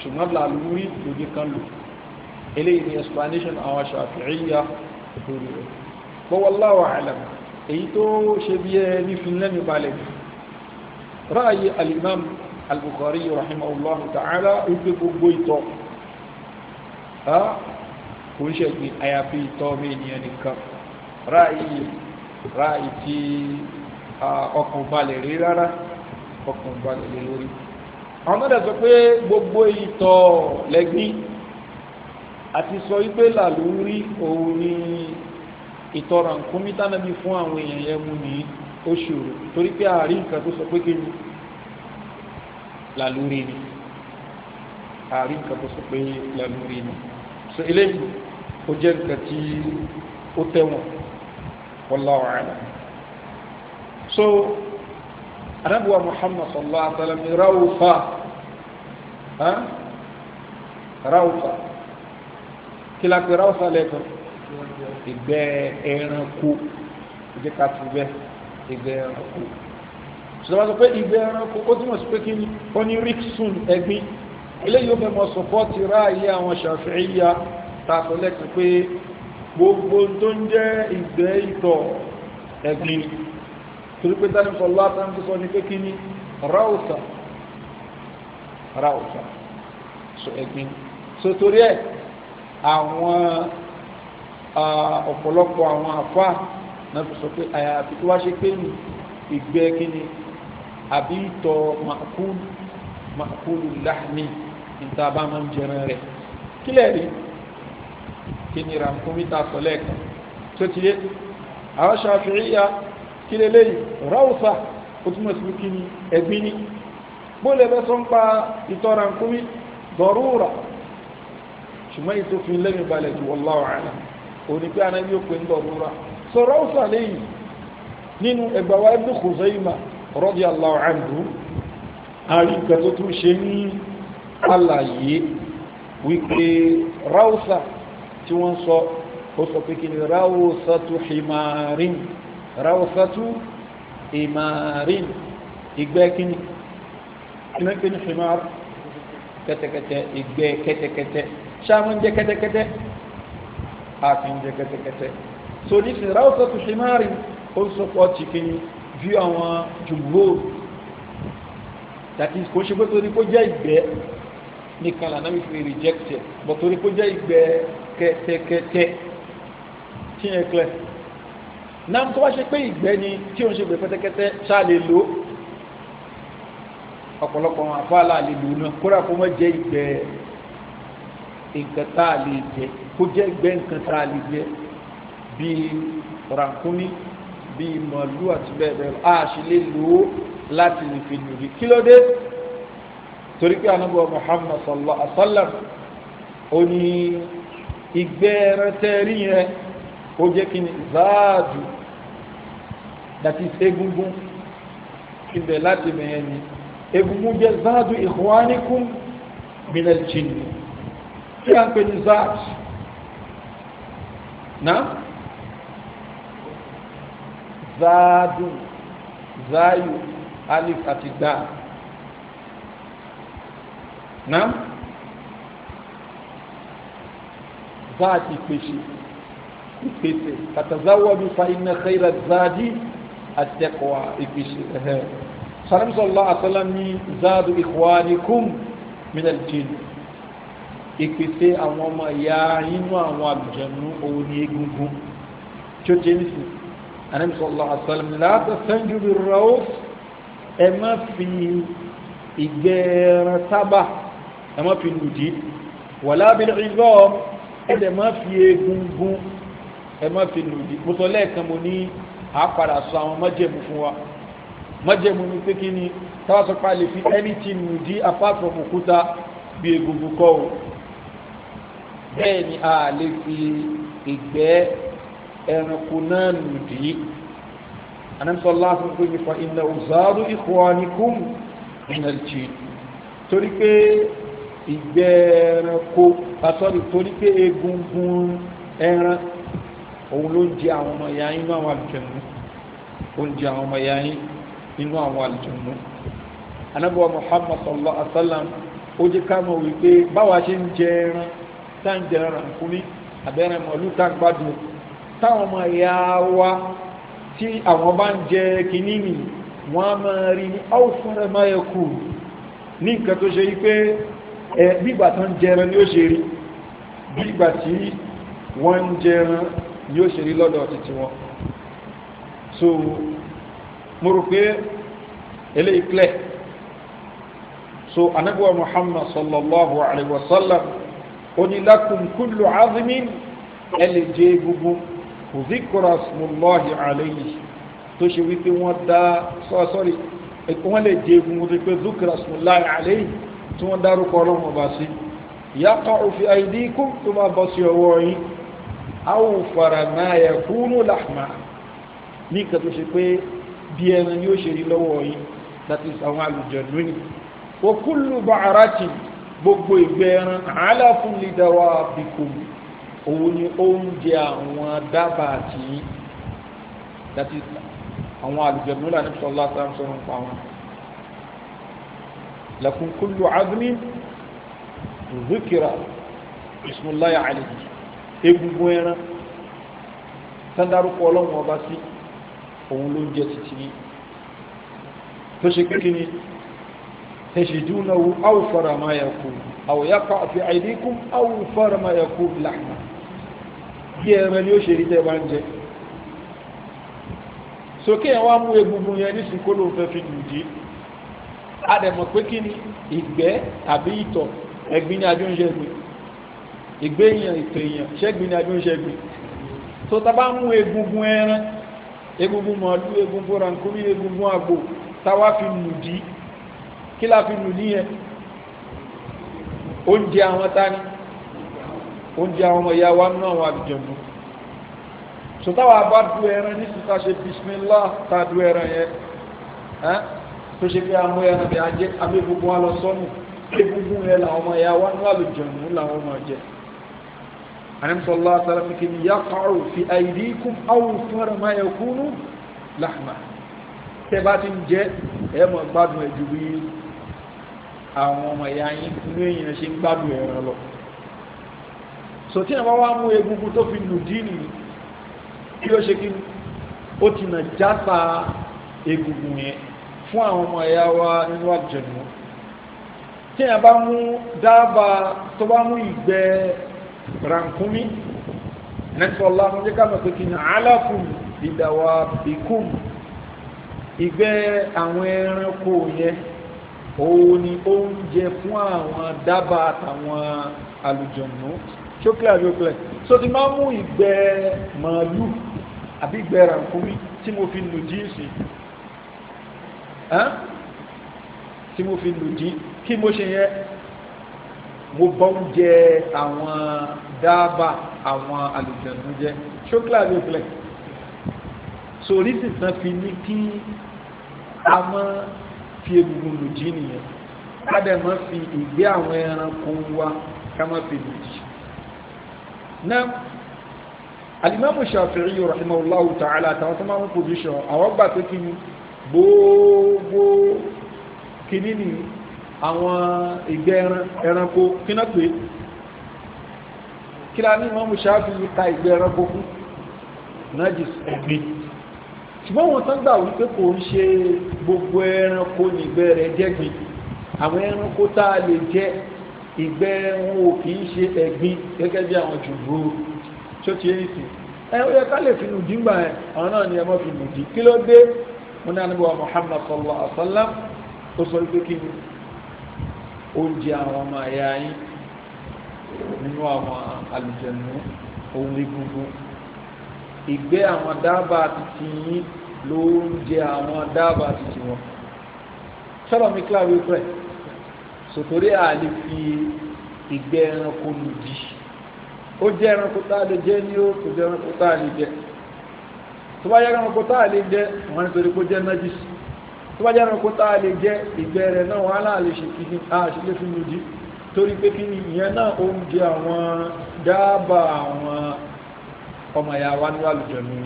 ṣùgbọ́n làlúrí lòdì kan lò eléyìí ni explanation àwọn ṣàfihìyà lórí rẹ̀ wallahu a'lam èyí tó ṣe bí ẹ ní finlẹ́mì balẹ̀ ráàyè al-imam al-bukhari rahimahullahu ta'ala ó gbé gbogbo ìtọ́ kò ń ṣẹ̀gbìn àyàfi ìtọ́ mi ènìyàn nìkan ráàyè tí àwọn náà dẹ̀ sọ pé gbogbo ìtọ̀ lẹ́gbín àti sọ wípé làlúrí òun ni ìtọ̀ràn kọ́mítà náà bí fún àwọn èèyàn yẹn mú ní oṣù torí pé àárín nǹkan tó sọ pé kí ni làlúrí ni àárín nǹkan tó sọ pé làlúrí ni so eléyìí ó jẹ́ nǹkan tí ó tẹ̀wọ̀n wallahu a'lam so anabiwa muhammad sallallahu alaihi wa sallam rawufa rawufa kila pe rawufa lẹ́kọ̀ọ́ ìgbẹ́ ẹranko ìgbẹ́ kàtó bẹ́ ìgbẹ́ ẹranko sọlá sọ pé ìgbẹ́ ẹranko ó túmọ̀ sí pé kí ni ó ní riksun ẹ̀gbin eléyìí ó fẹ́ mọ sọpọ́tì ráàyè àwọn ṣàfihìyà tààtọ̀ lẹ́kọ̀ọ́ pé gbogbo tó ń jẹ́ ìgbẹ́ ìtọ̀ ẹ̀gbin ni torípé tánìm sọ látà ń sọ ní pé kí ni ráùsà ráùsà so ẹ̀gbin so torí ẹ̀ àwọn ọ̀pọ̀lọpọ̀ àwọn àfá náà fi sọ pé àyàfi tó wá ṣe pé ní ìgbẹ́ kí ni àbí ìtọ̀ màkúl màkúl láhmi níta bá máa ń jẹran rẹ̀ kílẹ̀ rí kí ni ràǹkúmí sọ lẹ́ẹ̀kan tó ti yé àwọn ṣàfihàn kí leléyìí ráùsà ó túmọ̀ sí kí ni ẹ̀gbin ni bóòlù ẹ̀bẹ̀ sọ ń pa ìtọ́ra ń kúmi dọ̀rúùrà ṣùgbọ́n ètò fi lẹ́yìn balẹ̀ ju wallahu a'lam òní pé anábí ó pè ń dọ̀rúùrà sọ ráùsà lẹ́yìn nínú ẹgbàwá Ibn Khuzaymah radiyallahu anhu àrí nǹkan tó tún ṣe ní àlàyé wípé ráùsà tí wọ́n sọ ó sọ pé kí ni ráùsà tó himarin ráwọ́sátú ìmàrin ìgbẹ́ kíní kíní kíní himar kẹ́tẹ́kẹ́tẹ́ ìgbẹ́ kẹ́tẹ́kẹ́tẹ́ ṣáàmù ń jẹ́ kẹ́tẹ́kẹ́tẹ́ àti ń jẹ́ kẹ́tẹ́kẹ́tẹ́ so ní sin ráwọ́sátú himarin ó sọpọ̀ ti kíní bí àwọn jùgbó that is kò ṣe pé torí kó jẹ́ ìgbẹ́ nìkan lànà fi reject it but torí kó jẹ́ ìgbẹ́ kẹ́tẹ́kẹ́tẹ́ tí yẹn náà tó bá ṣe pé ìgbẹ́ ni tí òun ṣe gbé pẹ́tẹ́kẹ́tẹ́ ṣáà lè lò ọ̀pọ̀lọpọ̀ àfáàlà lè lò náà kóra kó mọ́ jẹ́ ìgbẹ́ nǹkan tá a lè jẹ kó jẹ́ ìgbẹ́ nǹkan tá a lè jẹ bíi ràkúnmí bíi màálù àti bẹ́ẹ̀ bẹ́ẹ̀ a ṣe lè lò ó láti lè fi lòdì kí ló dé torí pé anábọ̀ Muhammad sallallahu alaihi wa sallam ó ní ìgbẹ́ rẹ tẹ́ rí yẹn ó jẹ́ kí ni záàdù dàti egungun ibẹ̀ láti bẹ̀yẹn ni egungun jẹ́ záàdù ikhwanikum minal jinni kí a ń pè ní záàdù náà záàdù záàyù alif àti dáa náà záàdù ìpèsè ìpèsè tàtàzáwọ́dù fa iná xeyra záàdì àtẹ́kọ̀ọ́ ìpèsè ẹ̀hẹ́ sàrẹ́mùsọ̀lá àtọ́lá ní záàdù ikhwanikum minal jinn ìpèsè àwọn ọmọ ìyá inú àwọn àlùjànnú òun ní egungun tí ó jẹ́ nísìn àrẹ́mùsọ̀lá àtọ́lá ní láti sẹ́ńjú bí rọ́ọ̀ ẹ má fi ìgbẹ́ẹ̀rẹ̀ sábà ẹ má fi lùdí wàlábìlì ìgbọ́ ẹ dẹ̀ má fi egungun ẹ má fi lòdì mo sọ lẹ́ẹ̀kan mo ní àápadà sọ àwọn májẹ̀mú fún wa májẹ̀mú ni pé kí ni táwa sọ lè fi anything lòdì apart from òkúta bí egungun kọ́ o bẹ́ẹ̀ ni a lè fi ìgbẹ́ ẹranko náà lòdì anamsọ́lá fún pé nípa ìnà òzáàrú ikhwanikum minal jinn torí pé ìgbẹ́ ẹranko àtọ́rí ah, torí pé egungun ẹran òun ló ń jẹ àwọn ọmọ ìyá yín nínú àwọn àlùjànnú ó ń jẹ àwọn ọmọ ìyá yín nínú àwọn àlùjànnú anábọ̀ Muhammad sallallahu alaihi wa sallam ó jẹ́ ká mọ̀ wípé báwa ṣe ń jẹ ẹran tá ń jẹ ẹran fún mi mọ̀lú tá ń gbádùn táwọn ọmọ ìyá wa tí àwọn bá ń jẹ kínní nìyí wọ́n á máa rí ní áwùfúnra máa yẹ kù ní nǹkan tó ṣe wípé ẹ bígbà tó ń jẹran ni ó ṣe rí bígbà tí wọ́n ń jẹran yóò ṣe rí lọ́dọ̀ títí wọn so mo rò pé eléyìí clear so anabiwa muhammad sallallahu alayhi wa sallam onílàkùn kúlù azimin ẹlẹ́jẹ́ gbogbo zikra smullahi alayhi tó ṣe wípé wọ́n dá sọ́ọ́sọ́rì wọ́n lè jẹ́ egungun tó pé zikra smullahi alayhi tí wọ́n dárúkọ ọlọ́run ọba sí yaqa'u fi aydikum tó máa bọ́ sí ọwọ́ yín awùfàrà máa yẹ kúrú làhmà ní ìkà tó ṣe pé bí ẹran yóò ṣe rí lọ́wọ́ yìí that is àwọn àlùjọ̀nú ni wa kullu ba'arati gbogbo ìgbẹ́ ẹran àálàfún lè dáwà òun ni oúnjẹ àwọn dábàá tì í that is àwọn àlùjọ̀nú là ní sọ́lá sáńsọ́rọ̀ pa wọn lakum kullu admin dhikra bismillahi alayhi egungun ẹran tándarúkọ ọlọ́run ọba sí òun ló ń jẹ títí yìí tó ṣe pé kí ni تجدونه أوفر ما يكون أو يقع في أيديكم أوفر ما يكون لحما yẹ ẹran ni ó ṣe rí tẹ́ bá ń jẹ sókè yẹn wá mú egungun yẹn ní sìnkó ló ń fẹ́ fi dùdí adẹ̀mọ̀ pé kí ni ìgbẹ́ àbí ìtọ̀ ẹ̀gbin ni adó gbé ìgbéyàn ìtòyàn ṣẹ́gbìn ni àbí ṣẹ́gbìn tó tàbá mú egungun ẹran egungun màálù egungun rankúrí egungun àgbò táwa fi lùdí kí la fi lùdí yẹn oúnjẹ àwọn tání oúnjẹ àwọn ọmọ ìyá wa nínú àwọn àbìjọ̀nù so táwa bá du ẹran ní sísá ṣe bisimilá tá a du ẹran yẹn tó ṣe pé àwọn ẹran bí a jẹ abẹ́gbogbo wa lọ sọ́nù egungun yẹn làwọn ọmọ ìyá wa nínú àbìjọ̀nù làwọn ọmọ jẹ ànábì sallallahu alaihi wasallam kì í yaqa'u fi aydikum aw fara ma yakunu lahma tẹ́ bá ti ń jẹ ẹ mọ̀ gbádùn ẹ̀jú bí àwọn ọmọ ìyá yín inú èèyàn ṣe ń gbádùn ẹ̀rọ lọ sòtí àwọn wa mú egungun tó fi lù dínì kí ó ṣe kí ó ti nà jápa egungun yẹn fún àwọn ọmọ ẹ̀yà wa nínú àjẹ̀nù tí èèyàn bá mú dábàá tó bá mú ìgbẹ́ rankumi nẹ́tí ọlọ́run jẹ́ ká mọ̀ pé kí ni aláfún ìdàwà bìkún ìgbẹ́ àwọn ẹranko yẹn òun ni oúnjẹ fún àwọn dábàá àtàwọn àlùjọ̀nù ṣókèlè àbíọ́kèlè so ti máa mú ìgbẹ́ màálù àbí ìgbẹ́ rankumi tí mo fi lù jíìsì tí mo fi lù jí kí mo ṣe yẹn mo bọ́ ń jẹ àwọn dáàbà àwọn àlùjànnú jẹ ṣókìlà ló filẹ̀ sòrí sísan fi ní kí a mọ́ fi egungun lù jí nìyẹn ká dẹ̀ mọ́ fi ìgbé àwọn ẹranko wa ká mọ́ fi lù jí. náà alimami shafi'i rahimahullahu ta'ala àtàwọn tó máa ń pòsíṣàn àwọn gbà pé kí ni gbogbo kìíní nìyí àwọn ìgbẹ́ ẹranko kíná pé kí la ní wọ́n mú ṣáájú ta ìgbẹ́ ẹranko fún najis ẹ̀gbin ṣùgbọ́n wọn tán gbà wípé kò ń ṣe gbogbo ẹranko nígbẹ́ rẹ̀ jẹ́gbin àwọn ẹranko tá a lè jẹ ìgbẹ́ wọn ò kì í ṣe ẹ̀gbin gẹ́gẹ́ bí àwọn jùbú tó ti yé sí ẹ ó yẹ ká lè fi nùdí gbà ẹ àwọn náà ni ẹ mọ́ fi nùdí kí ló dé mo ní àníbọ̀ Muhammad sallallahu alaihi wa sallam ó oúnjẹ àwọn ọmọ ẹ̀yà yín nínú àwọn àlùjẹ̀nù ohun egungun ìgbẹ́ àwọn dábàá titi yín lóúnjẹ àwọn dábàá titi wọn sọ̀rọ̀ mi kíláwé pẹ̀ sòtòrí àlè fi ìgbẹ́ ẹranko nù jì ó jẹ́ ẹranko tá a lè jẹ ní ó kò jẹ́ ẹranko tá a lè jẹ tó bá yẹ ẹranko tá a lè jẹ wọn nítorí pé ó jẹ́ nájìsì tó bá jẹ́ ẹranko tá a lè jẹ ìgbẹ́ rẹ̀ náà wọn aláàlè ṣe kí ni a ṣe lè fi torí pé kí ni ìyẹn náà ó ń jẹ àwọn dábàá àwọn ọmọ wa ní àlùjọ ní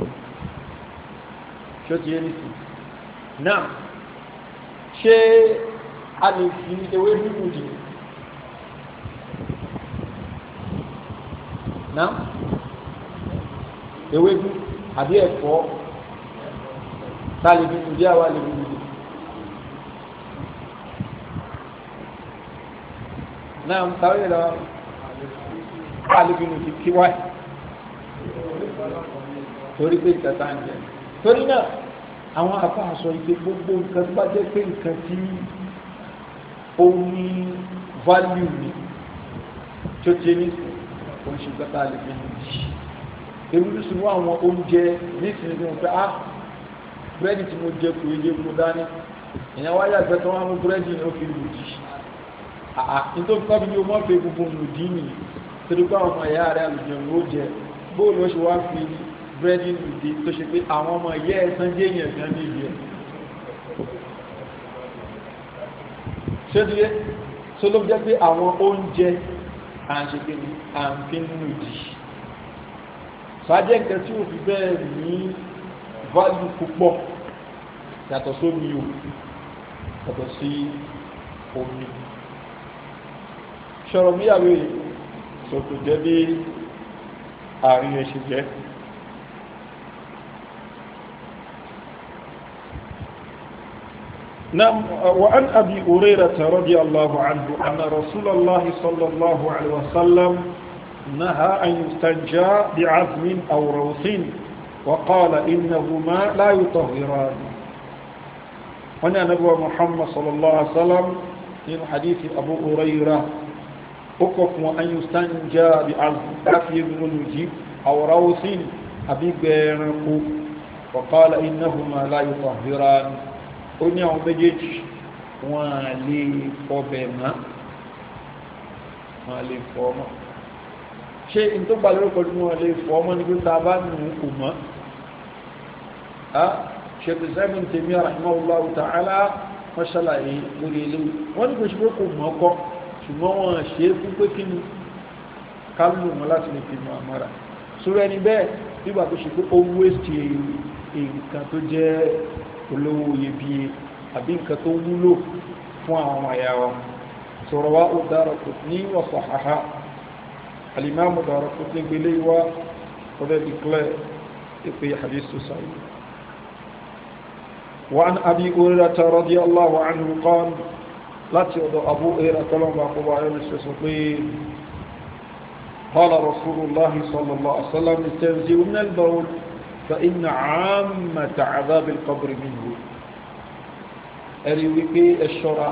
ṣó ti yé nìsí náà ṣé a lè fi ewé dúdú jì náà ewé dúdú àbí ẹ̀fọ́ tá a lè fi lò àwa lè fi lò náà sáré lọ alùpùpù ti kí wáyé torí pé ìtẹ̀tà ń jẹ torí náà àwọn afa àṣọ ìpè gbogbo nǹkan tó bá jẹ́ pé nǹkan tí ó ní value ni tó ti ní oṣù kẹta alùpùpù yìí èmi ló sùn mọ́ àwọn oúnjẹ nísìnyí tó ń pẹ́ ah búrẹ́dì tí mo jẹ kò yé mo dání ìyẹn wáyà gbẹ́tọ́ wọn mú Ah, ah, nítorí tábí ni o má fẹ́ gbogbo lòdì nì torí pé àwọn ọmọ ẹ̀yà rẹ̀ àlùjọ ló jẹ bóòlù ó ṣe wá fi búrẹ́dì lòdì tó ṣe pé àwọn ọmọ ẹ̀yà ẹ̀sán jẹ́ èèyàn gan ní ìbí ẹ̀ ṣé ti yẹ tó ló jẹ́ pé àwọn oúnjẹ à ń ṣe pé ní à ń fi ń lòdì sàájẹ́ nǹkan tí ò fi bẹ́ẹ̀ ní value púpọ̀ yàtọ̀ sómi o yàtọ̀ sí omi sọ̀rọ̀ míyàwó yìí sòkò jẹ́ bí àárín ẹ̀ ṣe jẹ́ نعم وعن أبي هريرة رضي الله عنه أن رسول الله صلى الله عليه وسلم نهى أن يستنجى بعظم أو روث وقال إنهما لا يطهران هنا نبوة محمد صلى الله عليه وسلم من حديث أبو هريرة ó kọ̀ fún ayùsán jẹ́ àbí àfi egungun lùjí àwòrán òsín àbí gbẹ̀ẹ̀rẹ̀kú ọ̀kọ́lá ináhùnmá láyé tọ̀hírá ó ní àwọn méjèèjì wọ́n á lè fọbẹ̀ mọ́ wọ́n á lè fọ́ mọ́ ṣé n tó gbà lórí pẹ̀lú wọn lè fọ́ mọ́ níbi tá a bá nù ú kò mọ́ ṣètò sẹ́mi tèmi àràmọ́ ọlọ́wọ́ mọ́ṣáláyé lórí ilé wọn ní kò ṣe pé kò mọ́ kọ́ ṣùgbọ́n wọn ṣe é fún pé kínú kálù wọn láti lè fi mọ àmọ́ra sórí ẹni bẹ́ẹ̀ nígbà tó ṣe pé ó wéṣì nǹkan tó jẹ́ olówó iyebíye àbí nǹkan tó wúlò fún àwọn àyà wa sọ̀rọ̀ wa ó dára kò ní ọ̀sán àhá alimamu dára kò ní gbélé wa ọ̀rẹ́ ìkílẹ̀ ìpè àdìsù sáyé وعن أبي هريرة رضي الله عنه قال láti ọ̀dọ̀ abu ẹ̀rọ tọ́lọ́mọ àkọ́bọ̀ ayọ́lù sẹ́sùn pé qala rasulullahi sallallahu alaihi wasallam istahzi'u min al-bawl fa inna 'ammata 'adhab al-qabr minhu ẹ̀rí wípé ẹ ṣọ́ra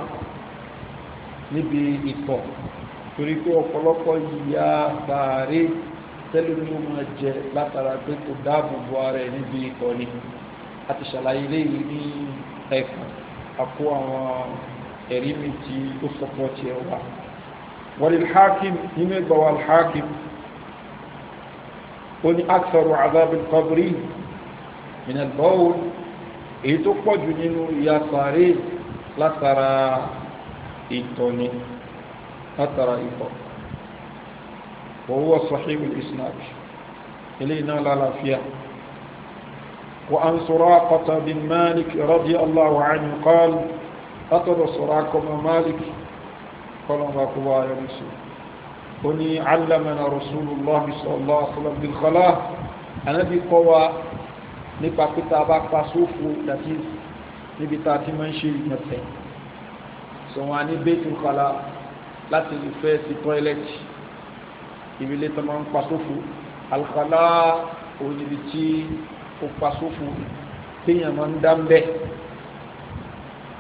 níbi ìtọ̀ torí pé ọ̀pọ̀lọpọ̀ ìyá sàárè tẹ́lẹ̀ ló máa jẹ látara pé ní ẹ̀kan àkó àwọn ẹ̀rí mi tí ó sọpọ̀ tí ẹ wà walilhakim nínú ìgbà walhakim ó ní aksaru azabil qabri minal bawl èyí tó pọ̀jù nínú ìyà sàárè látara ìtọ̀ ni látara ìtọ̀ wa huwa sahihul isnad eléyìí náà lálàáfíà wa an Suraqata bin Malik radiyallahu anhu qala látọ̀dọ̀ Suraka ọmọ Malik kọlọ̀mà kó wá ayọ̀ nìṣó ó ní allamana Rasulullahi sallallahu alaihi wasallam bil khala anábì kọ́ wa nípa pété abá pa sófo dàtí níbi tá a ti máa ń ṣe ìgbọ̀nsẹ̀ sọ̀wọ́n a ní bẹ́ẹ̀tì khala láti lè fẹ́ sí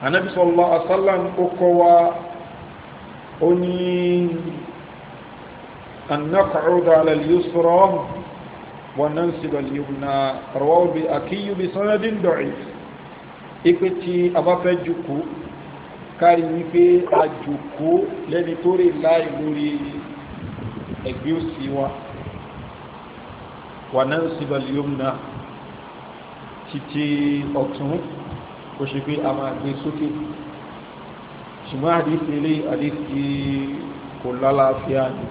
anabi sallallahu alaihi wasallam ó kọ́ wa ó ní annaq'ud ala al-yusra wa nansib al-yumna rawahu bi akiyu bi sanadin da'if ipe tí a bá fẹ́ jùkú kárí wípé a jùkú lẹ́ni wa wa nansib al-yumna kò ṣe pé a máa gbé sókè ṣùgbọ́n àdìsí ilé àdìsí kò lálàáfíà ni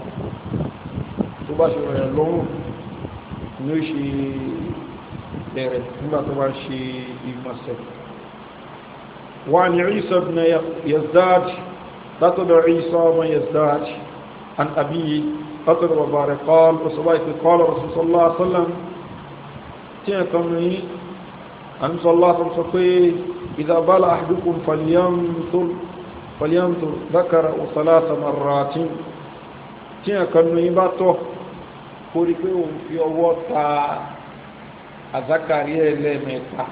tó bá ṣe rẹ̀ lọ́rùn ló ṣe bẹ̀rẹ̀ nígbà tó bá ṣe ìgbọ̀nsẹ̀ وعن عيسى بن يزداد تطلع عيسى بن يزداد عن أبيه تطلع وبارك قال وصبايك قال رسول الله صلى الله عليه وسلم تيكم àmìsọ́lá tó sọ pé ìdàbálà àdúkùn fàlíyàntò dákàrà òsàlá samarratin tí a kanú yí bá tọ́ kó rí pé òun fi ọwọ́ ta àzákàrí ẹlẹ́mẹ̀ta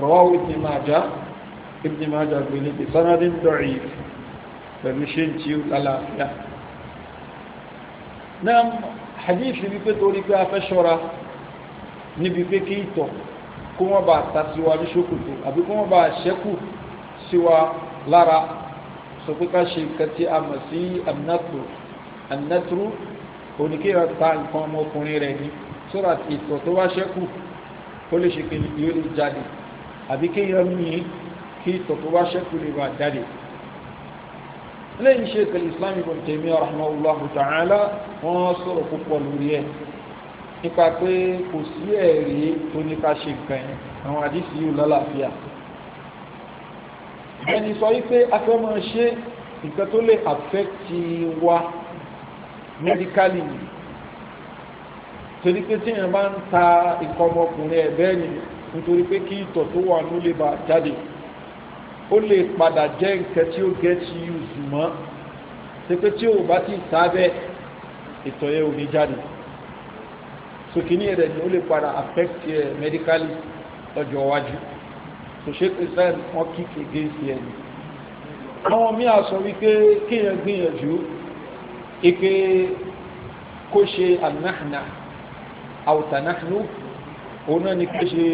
rọwáwó ibn Majah ibn Majah gbélé bí sanadin pẹ̀lú ṣe ń tí ó lálàáfíà náà hadithi wípé torí pé a fẹ́ ṣọ́ra níbi pé kí ìtọ̀ kó wọ́n bá ta sí wa ní ṣòkòtò àbí kó wọ́n bá ṣẹ́kù sí wa lára sọ pé ká ṣe nǹkan tí a mọ̀ sí amnatru amnatru oníkéyà ta nǹkan ọmọkùnrin rẹ̀ ni sọ́ra ìtọ̀ tó bá ṣẹ́kù kó lè ṣe kéyìn yóò lè jáde àbí kéyàn mí kí ìtọ̀ tó bá ṣẹ́kù lè bá jáde lẹ́yìn Sheikh al-Islam Ibn Taymiyyah rahimahullahu ta'ala wọ́n sọ̀rọ̀ púpọ̀ lórí ẹ̀ nípa pé kò sí ẹ̀rí tó ní ká ṣe nǹkan yẹn àwọn àdìsí yìí lálàáfíà ẹni sọ wípé afẹ́mọ́ ṣe nǹkan tó lè àfẹ́kì wa mẹ́díkálì yìí torí pé tíyẹn bá ń ta nǹkan ọmọkùnrin ẹ̀ bẹ́ẹ̀ ni nítorí pé kí ìtọ̀ tó wà ló lè bá jáde ó lè padà jẹ́ nǹkan tí ó gẹ́ ti yù ṣe pé tí ò bá ti ta bẹ́ẹ̀ ìtọ̀ yẹn ò ní jáde sòkìní rẹ̀ ni ó lè padà affect ẹ̀ medically lọ́jọ́ iwájú so sheikh islam wọ́n kick against ẹ̀ ni àwọn míà sọ wípé kéèyàn gbìyànjú ipe kó ṣe anahna àwòtánahnu òun náà ni kó ṣe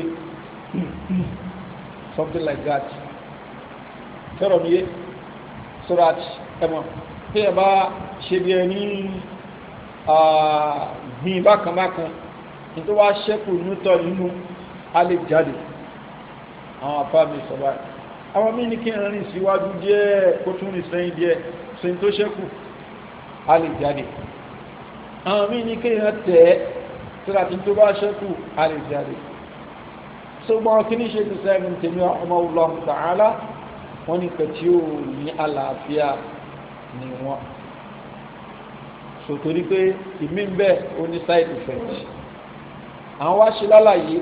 something like that fẹ́rọ̀ mi yé so that ẹ̀mọ̀ kéèyàn bá ṣe bí ẹni ah, gbìn bákan bákan ní tó wá ṣẹ́kù nítọ̀ nínú alif jáde àwọn àpá mi sọ báyìí àwọn mí ní kí n rìn síwájú díẹ̀ kó tún rìn sẹ́yìn díẹ̀ sí tó ṣẹ́kù alif jáde àwọn mí ní kí n tẹ̀ ẹ́ síra tí tó bá ṣẹ́kù alif jáde sọgbọ́n kí ní ṣe ti sẹ́yìn tèmi ọmọ ọlọ́run tààlà wọ́n ní kẹtí ò ní àlàáfíà ni wọ́n sòtòrí pé ìmí ń bẹ́ẹ̀ ó ní side effect àwọn wá ṣe lálàyé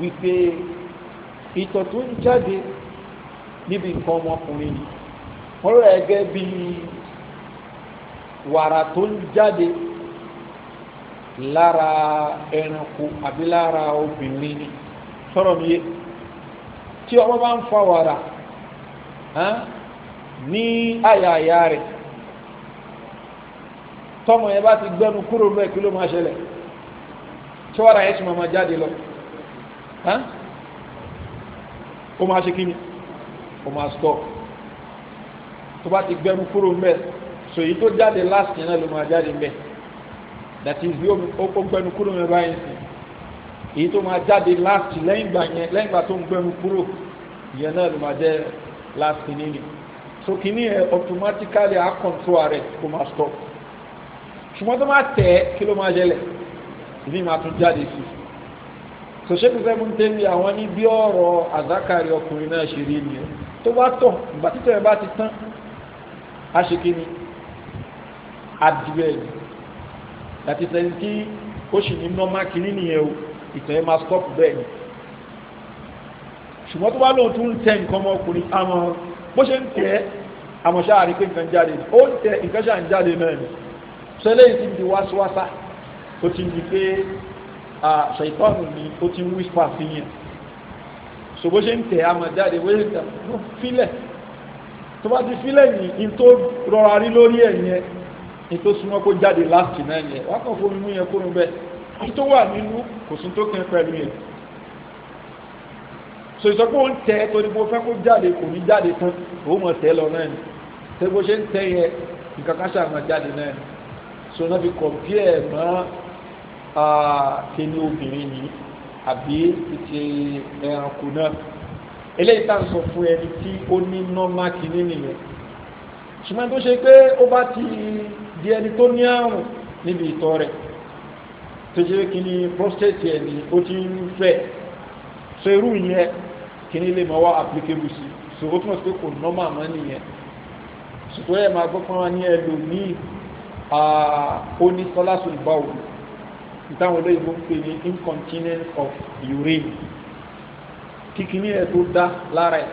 wípé ìtọ̀ tó ń jáde níbi nǹkan ọmọkùnrin ni wọ́n rẹ̀ gẹ́gẹ́ bí wàrà tó ń jáde lára ẹranko àbí lára obìnrin ni sọ̀rọ̀ mi yé tí ọmọ bá ń fa wàrà ní àyàyà rẹ̀ tọmọ yẹn bá ti gbẹnu kúrò mẹ́ẹ̀ ló máa ṣẹlẹ̀ tí wàrà yẹn ti mọ̀ jáde lọ ó máa ṣe kíni ó máa stop tó bá ti gbẹnu kúrò mbẹ so èyí tó jáde last yẹn náà ló máa jáde mbẹ that is o ó gbẹnu kúrò mbẹ báyìí sí èyí tó máa jáde last lẹ́yìn ìgbà yẹn lẹ́yìn ìgbà tó ń gbẹnu kúrò yẹn náà ló jẹ last kìíní ni so kìíní yẹn automatically á control rẹ kó máa stop ṣùgbọ́n tó máa tẹ̀ kí ló máa jẹlẹ̀ ìmí máa tún jáde sí so ṣé kò sẹ́kù tẹ́lẹ̀ àwọn ní bí ọ̀rọ̀ àzákàrí ọkùnrin náà ṣe rí nìyẹn tó bá tọ̀ ìgbà títọ̀ ẹ̀ bá ti tán á ṣe kí ni adìrẹ àti sẹ́yìn tí ó sì ní nọ́mà kìíní nìyẹn o ìtàn ẹ̀ máa stop bẹ́ẹ̀ ni ṣùgbọ́n tó bá lóun tún ń tẹ nǹkan ọmọkùnrin àmọ́ bó ṣe ń tẹ ẹ́ àmọ́ ṣáà rí pé nǹkan jáde ó ń tẹ nǹkan ṣáà ń jáde náà ni ṣẹlẹ̀ yìí ti di wáṣíwáṣá ó ti di pé ṣàìtọ́nù ni ó ti ń wípa sí yẹn so bó ṣe ń tẹ̀ àmọ̀ jáde bó ṣe ń tẹ̀ fílẹ̀ tó bá ti fílẹ̀ yìí ní tó rọra rí lórí ẹ̀ yẹn ní tó súnmọ́ kó jáde láti náà yẹn wá kàn fún inú yẹn kúrò bẹ́ẹ̀ kí tó wà nínú kò sún tó kẹ́ pẹ̀lú yẹn so ìsọpọ̀ ń tẹ torí bó fẹ́ kó jáde kò ní jáde tán ó mọ̀ tẹ́ lọ náà ni tẹ́ bó ṣe ń tẹ́ yẹn nǹkan kan ṣàmọ̀ jáde náà ni so náà fi kọ̀ bí ẹ̀ mọ́ tẹni obìnrin ni àbí títí ẹranko náà eléyìí tá à ń sọ fún ẹni tí ó ní nọ́mà kìíní nìyẹn ṣùgbọ́n tó ṣe pé ó bá ti di ẹni tó ní àrùn níbi ìtọ̀ rẹ̀ tó jẹ́ kí ni prostate ẹ̀ ni ó ti ń fẹ̀ so irú ìyẹn kí ni lè máa wá applicable sí so ó túnmọ̀ sí pé kò nọ́mà mọ́ nìyẹn ṣùgbọ́n ẹ̀ máa gbọ́ fún wa ní ẹlòmíì ó ní sọ́lásùn báwò ìtàwọn olóyìnbó ń pè ní incontinence of urine kíkiní ẹ̀ tó dá lára ẹ̀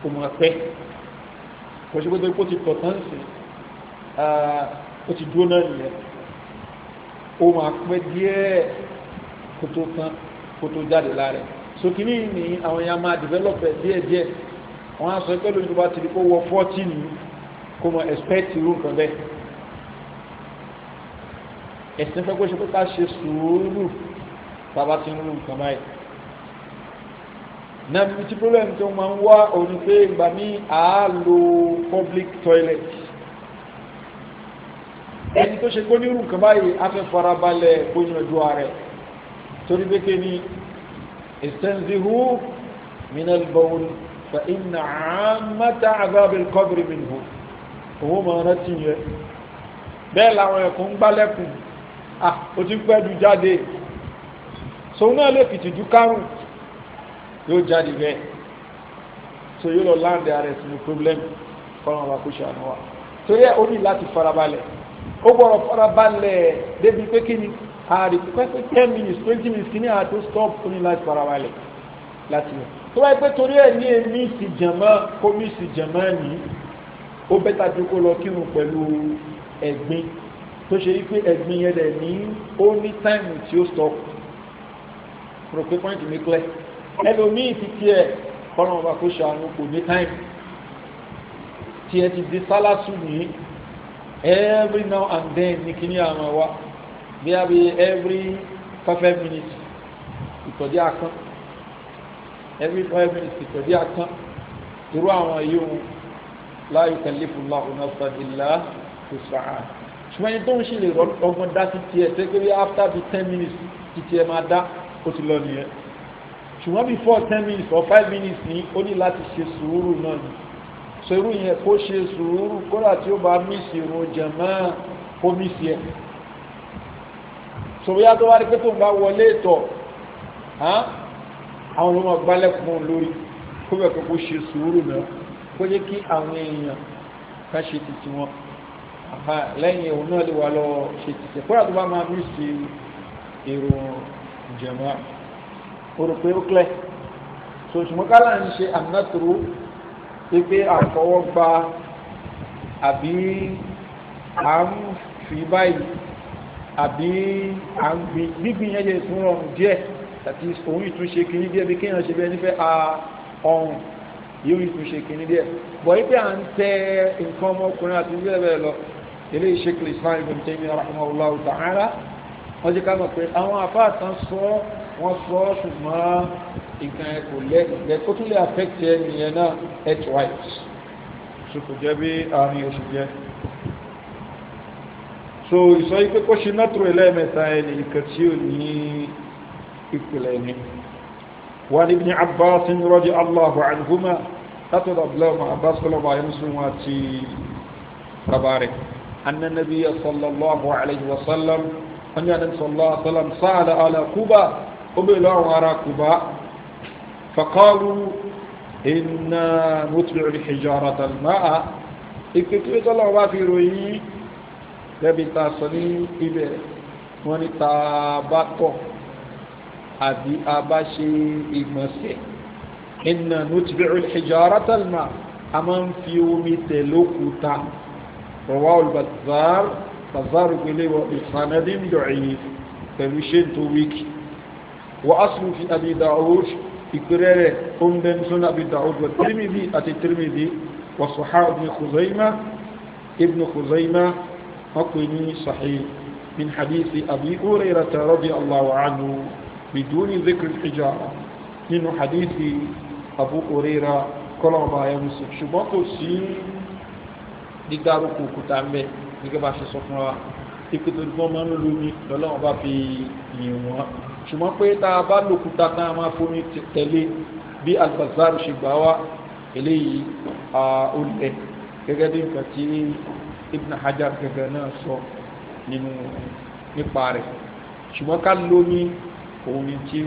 kò mọ̀ pẹ́ kò ṣe gbọ́dọ̀ kó ti tọ̀ tán sí ó ti dúró náà nìyẹn ó máa pẹ́ díẹ̀ kó tó tán kó tó jáde lára ẹ̀ so kíní ni àwọn èèyàn máa develop ẹ̀ díẹ̀díẹ̀ wọ́n á sọ pé lóyún tó bá ti di kó wọ 14 kó mọ̀ expect irú nǹkan bẹ́ẹ̀ ẹ̀sìn fẹ́ kó ṣe pé ká ṣe sùúrù bàbá ti ń rú nǹkan báyìí náà bí ti problem tó máa ń wá òun ni pé ìgbà míì á lo public toilet ẹni tó ṣe pé onírú nǹkan báyìí á fẹ́ farabalẹ̀ gbóyún ojú ààrẹ torí pé kí ni istanzihu minal bawl fa inna amata azabil qabri òun máa rántí yẹn bẹ́ẹ̀ làwọn ẹ̀kọ́ ń gbálẹ́kùn ah o ti pẹ́ du jáde sòun náà lè fìtìjú kárùn yóò jáde bẹ́ẹ̀ so yóò lọ láǹdì ara ẹ̀ sínú problem kọ́nà wa kó ṣe àná wa torí ẹ̀ o ní láti farabalẹ̀ ó gbọ́dọ̀ farabalẹ̀ débi pé kí ni ààrẹ pípẹ́ pé ten minutes twenty minutes kí ni àá tó stop ó ní láti farabalẹ̀ láti lọ tó bá yẹ pé torí ẹ̀ ní èmi sì jẹ̀mọ́ kó mi sì jẹ̀mọ́ nìyí ó bẹ́ta ju kó lọ kírun pẹ̀lú ẹ̀gbin. E tó ṣe wípé ẹ̀gbin yẹn dẹ̀ ní ó ní táìmù tí ó stop rò pé pọ́ìntì mi clear ẹlòmíì ti tiẹ̀ kọ́nà ọba kó ṣàánú kò ní táìmù tiẹ̀ ti di sálásù nìyí every now and then ní kíní àwọn wa bí a bí every five minutes ìtọ́jú àkán every five minutes ìtọ́jú àkán irú àwọn yìí ń la yukallifu Allahu nafsan illa wus'aha ṣùgbọ́n ẹni tó ń ṣe lè ọgbọ́n dá sí tiẹ̀ tẹ́ after the ten minutes ti tiẹ̀ máa dá ó ti lọ nìyẹn ṣùgbọ́n before ten minutes or five minutes ni ó ní láti ṣe sùúrù náà ni so irú yẹn kó ṣe sùúrù kódà tí ó bá mísì irun jẹ̀mọ́ kó mísì ẹ̀ sọ̀rọ̀ yá tó wá rí pé tó ń bá wọlé ìtọ̀ àwọn ọmọ gbálẹ̀kùn lórí kó bẹ̀ kó ṣe sùúrù náà kó jẹ́ kí àwọn èèyàn ká ṣe títí wọn lẹ́yìn òun náà lè wà lọ ṣe tìtẹ̀ kódà tó bá máa mú sí èrò ìjẹ̀mọ́ o rò pé ó clẹ̀ so ṣùgbọ́n kálá ń ṣe àmúnátòrò pé àfọwọ́gba àbí à ń fi báyìí àbí à ń gbin gbígbin yẹn lè tún rọrùn díẹ̀ àti òun ìtúnṣe kìíní díẹ̀ bí kéèyàn ṣe bẹ́ẹ̀ nífẹ̀ẹ́ a ọrùn yóò ìtúnṣe kìíní díẹ̀ bọ̀ yí pé à ń tẹ nǹkan ọmọkùnrin àti bẹ́ẹ̀ bẹ́ẹ̀ lọ ilé ìṣekùn islam ibn Taymiyyah rahimahullahu ta'ala wọ́n jẹ́ ká mọ̀ pé àwọn afáàtàn sọ wọ́n sọ ṣùgbọ́n nǹkan ẹ̀ kò lẹ́gbẹ̀ẹ́ kó tún lè affect ẹni ẹ̀ náà health wise ṣùkò jẹ́ bí àárín oṣù jẹ́ so ìsọ yìí pé kó ṣe náà tó ẹlẹ́mẹ̀ta ẹni ìkàn tí ò ní ìpìlẹ̀ ni وعن ابن عباس رضي الله عنهما أتضرب لهم عباس كلما يمسلم واتي تبارك أن النبي صلى الله عليه وسلم أن النبي صلى الله عليه وسلم سأل على كوبا وبلغوا على كوبا فقالوا إنا نتبع الحجارة الماء إكتبت الله ما في روي لبتا صني إبه ونتابطه أبي أباشي إمسي إنا نتبع الحجارة الماء أمام في يوم تلوكتا رواه البزار بزار قليل وبسند ضعيف فمشين تويك وأصل في أبي داود إكرار أمدن سنة أبي داود والترمذي أتي الترمذي وصحاء ابن خزيمة ابن خزيمة أقني صحيح من حديث أبي هريرة رضي الله عنه بدون ذكر الحجارة من حديث أبو هريرة كلما يمسك شبكه سين dídárúkú òkúta ń bẹ gẹ́gẹ́ bá ṣe sọ fún wa ipe tó dùn ọmọ nínú lómi lọ́lọ́wọ́n bá fi yìn wọ́n ṣùgbọ́n pé tá a bá lòkúta tá a máa fomi tẹ̀lé bí albazar ṣe gbà wá eléyìí ó lẹ̀ gẹ́gẹ́ bí nǹkan tí ibn hajar gẹ́gẹ́ náà sọ nínú nípa rẹ̀ ṣùgbọ́n ká lómi òun ni tí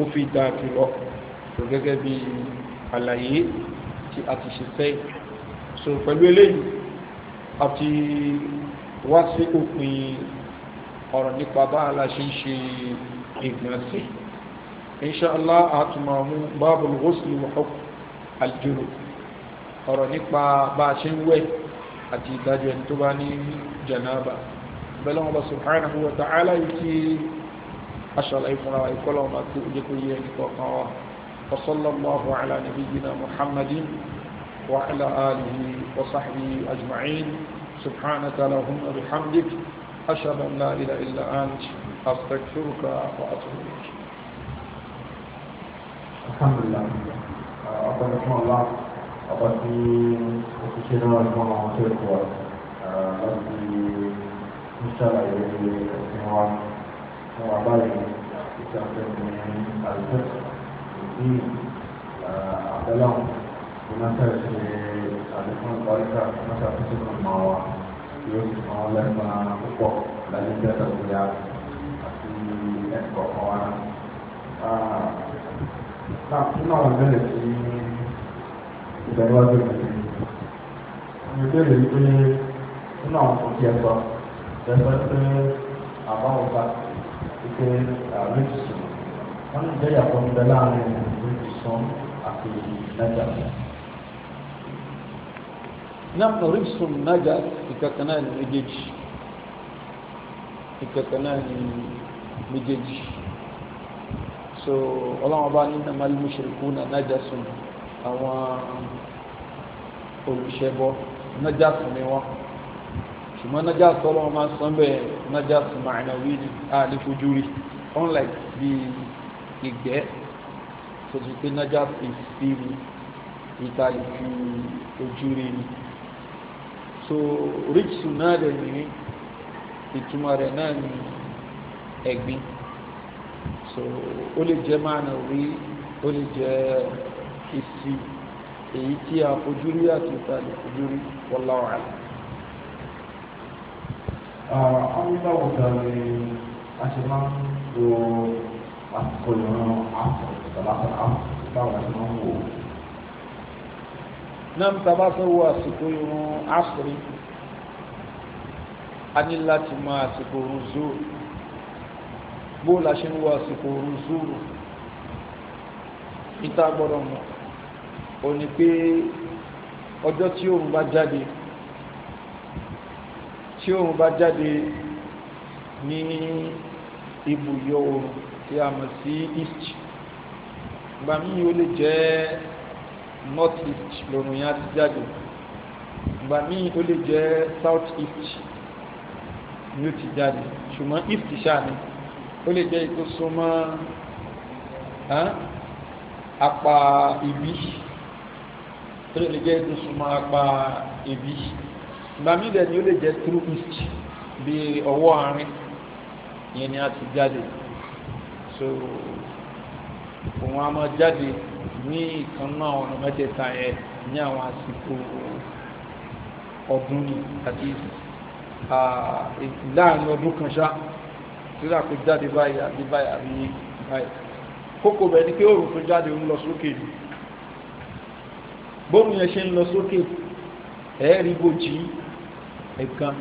ó fi dáa jùlọ gẹ́gẹ́ bí àlàyé tí a ti ṣe sẹ́yìn so pẹ̀lú eléyìí àti wá sí òpin ọ̀rọ̀ nípa bá aláṣẹ ń ṣe ìgbọ̀nsẹ̀ inṣàlá àtùmọ̀mú báàbù lọ́sùlù ọkọ̀ àjòrò ọ̀rọ̀ nípa bá a ṣe ń wẹ̀ àti ìdájọ́ ẹni tó bá ní janaba bẹ́ẹ̀ lọ́wọ́ bá subhanahu wa ta'ala yìí tí aṣàlàyé fúnra wa ìkọlọ́ bá tó ojú kó yẹ ẹni kọ̀ọ̀kan wa wa sallallahu ala nabiyyina muhammadin وعلى آله وصحبه أجمعين سبحانك لهم بحمدك أشهد أن لا إله إلا أنت أستغفرك وأتوب إليك الحمد لله أقول لكم الله أقول في وكثيرا لكم الله وكثيرا لكم إن شاء الله إليه وعباده يتعلم من الفقه الدين أعلم mọ́tà ṣe àlékún ìparíkà mọ́tà tó ti kàn máa wà yóò sì kàn án lẹ́gbàá púpọ̀ láyé bẹ́ẹ̀ bóyá àti ẹ̀kọ́ kan wá. Nínú àwọn ìbéèrè tí ìtẹ̀wájú rẹ̀ ti ní ìbéèrè pé nínú àwọn kò tiẹ̀ sọ lẹ́sẹ̀ pé àbáwọ̀ bá ti pé àríjì sùn. Wọ́n ní ìjẹ́yà kan ń bẹ náà ríṣùn nájà ìkàkànnà ní méjèèjì ìkàkànnà ní méjèèjì so ọlọ́run ọba ní nàmàlì mùsùlùkù náà nájà sùn àwọn olùṣẹ́bọ nájà sùn ni wọ́n ṣùgbọ́n nájà sọ ọlọ́run máa ń sọ unlike the ìgbẹ́ so ti pé nájà fi sí mi ìta lè so rich náà ni, ní ìtumọ̀ rẹ̀ náà ní ẹ̀gbin so ó lè jẹ́ máàna orí ó lè jẹ́ ìsì èyí tí a fojú rí àti ìta lè fojú rí wallahu a'lam. àwọn báwo ta ni a ṣe máa ń lo àkọlù náà àpò ìtàlápà àpò báwo la ṣe máa ń wò ó náà tàbá fẹ́ wo àsìkò irun asiri a ní láti mọ àsìkò irun zoro bó la ṣe ń wo àsìkò irun zoro níta gbọ́dọ̀ mọ̀ ò ní pé ọjọ́ tí jáde tí òun bá jáde ní ibùyọ oòrùn tí a mọ̀ sí east gbàmí ó lè jẹ́ north east lòrùn yẹn ti jáde ìgbà míì ó lè jẹ́ south east ni ó ti jáde ṣùgbọ́n east ṣáà ni ó lè jẹ́ ètò súnmọ́ apá ibi ó lè jẹ́ ètò súnmọ́ apá ibi ìgbà míì dẹ̀ ni ó lè jẹ́ through east bí ọwọ́ àárín yẹn ni a ti jáde so òun a máa jáde ní ìkànnà ọ̀nà mẹ́tẹ̀ẹ̀ta ẹ̀ ní àwọn àsìkò ọdún ni àti láàrin ọdún kan ṣá síra kò jáde báyìí àbí báyìí àbí báyìí kókò bẹ̀ ni pé òòrùn tó jáde ń lọ sókè ni bóòrùn yẹn ṣe ń lọ sókè ẹ̀ẹ́rì bòjì ẹ̀kan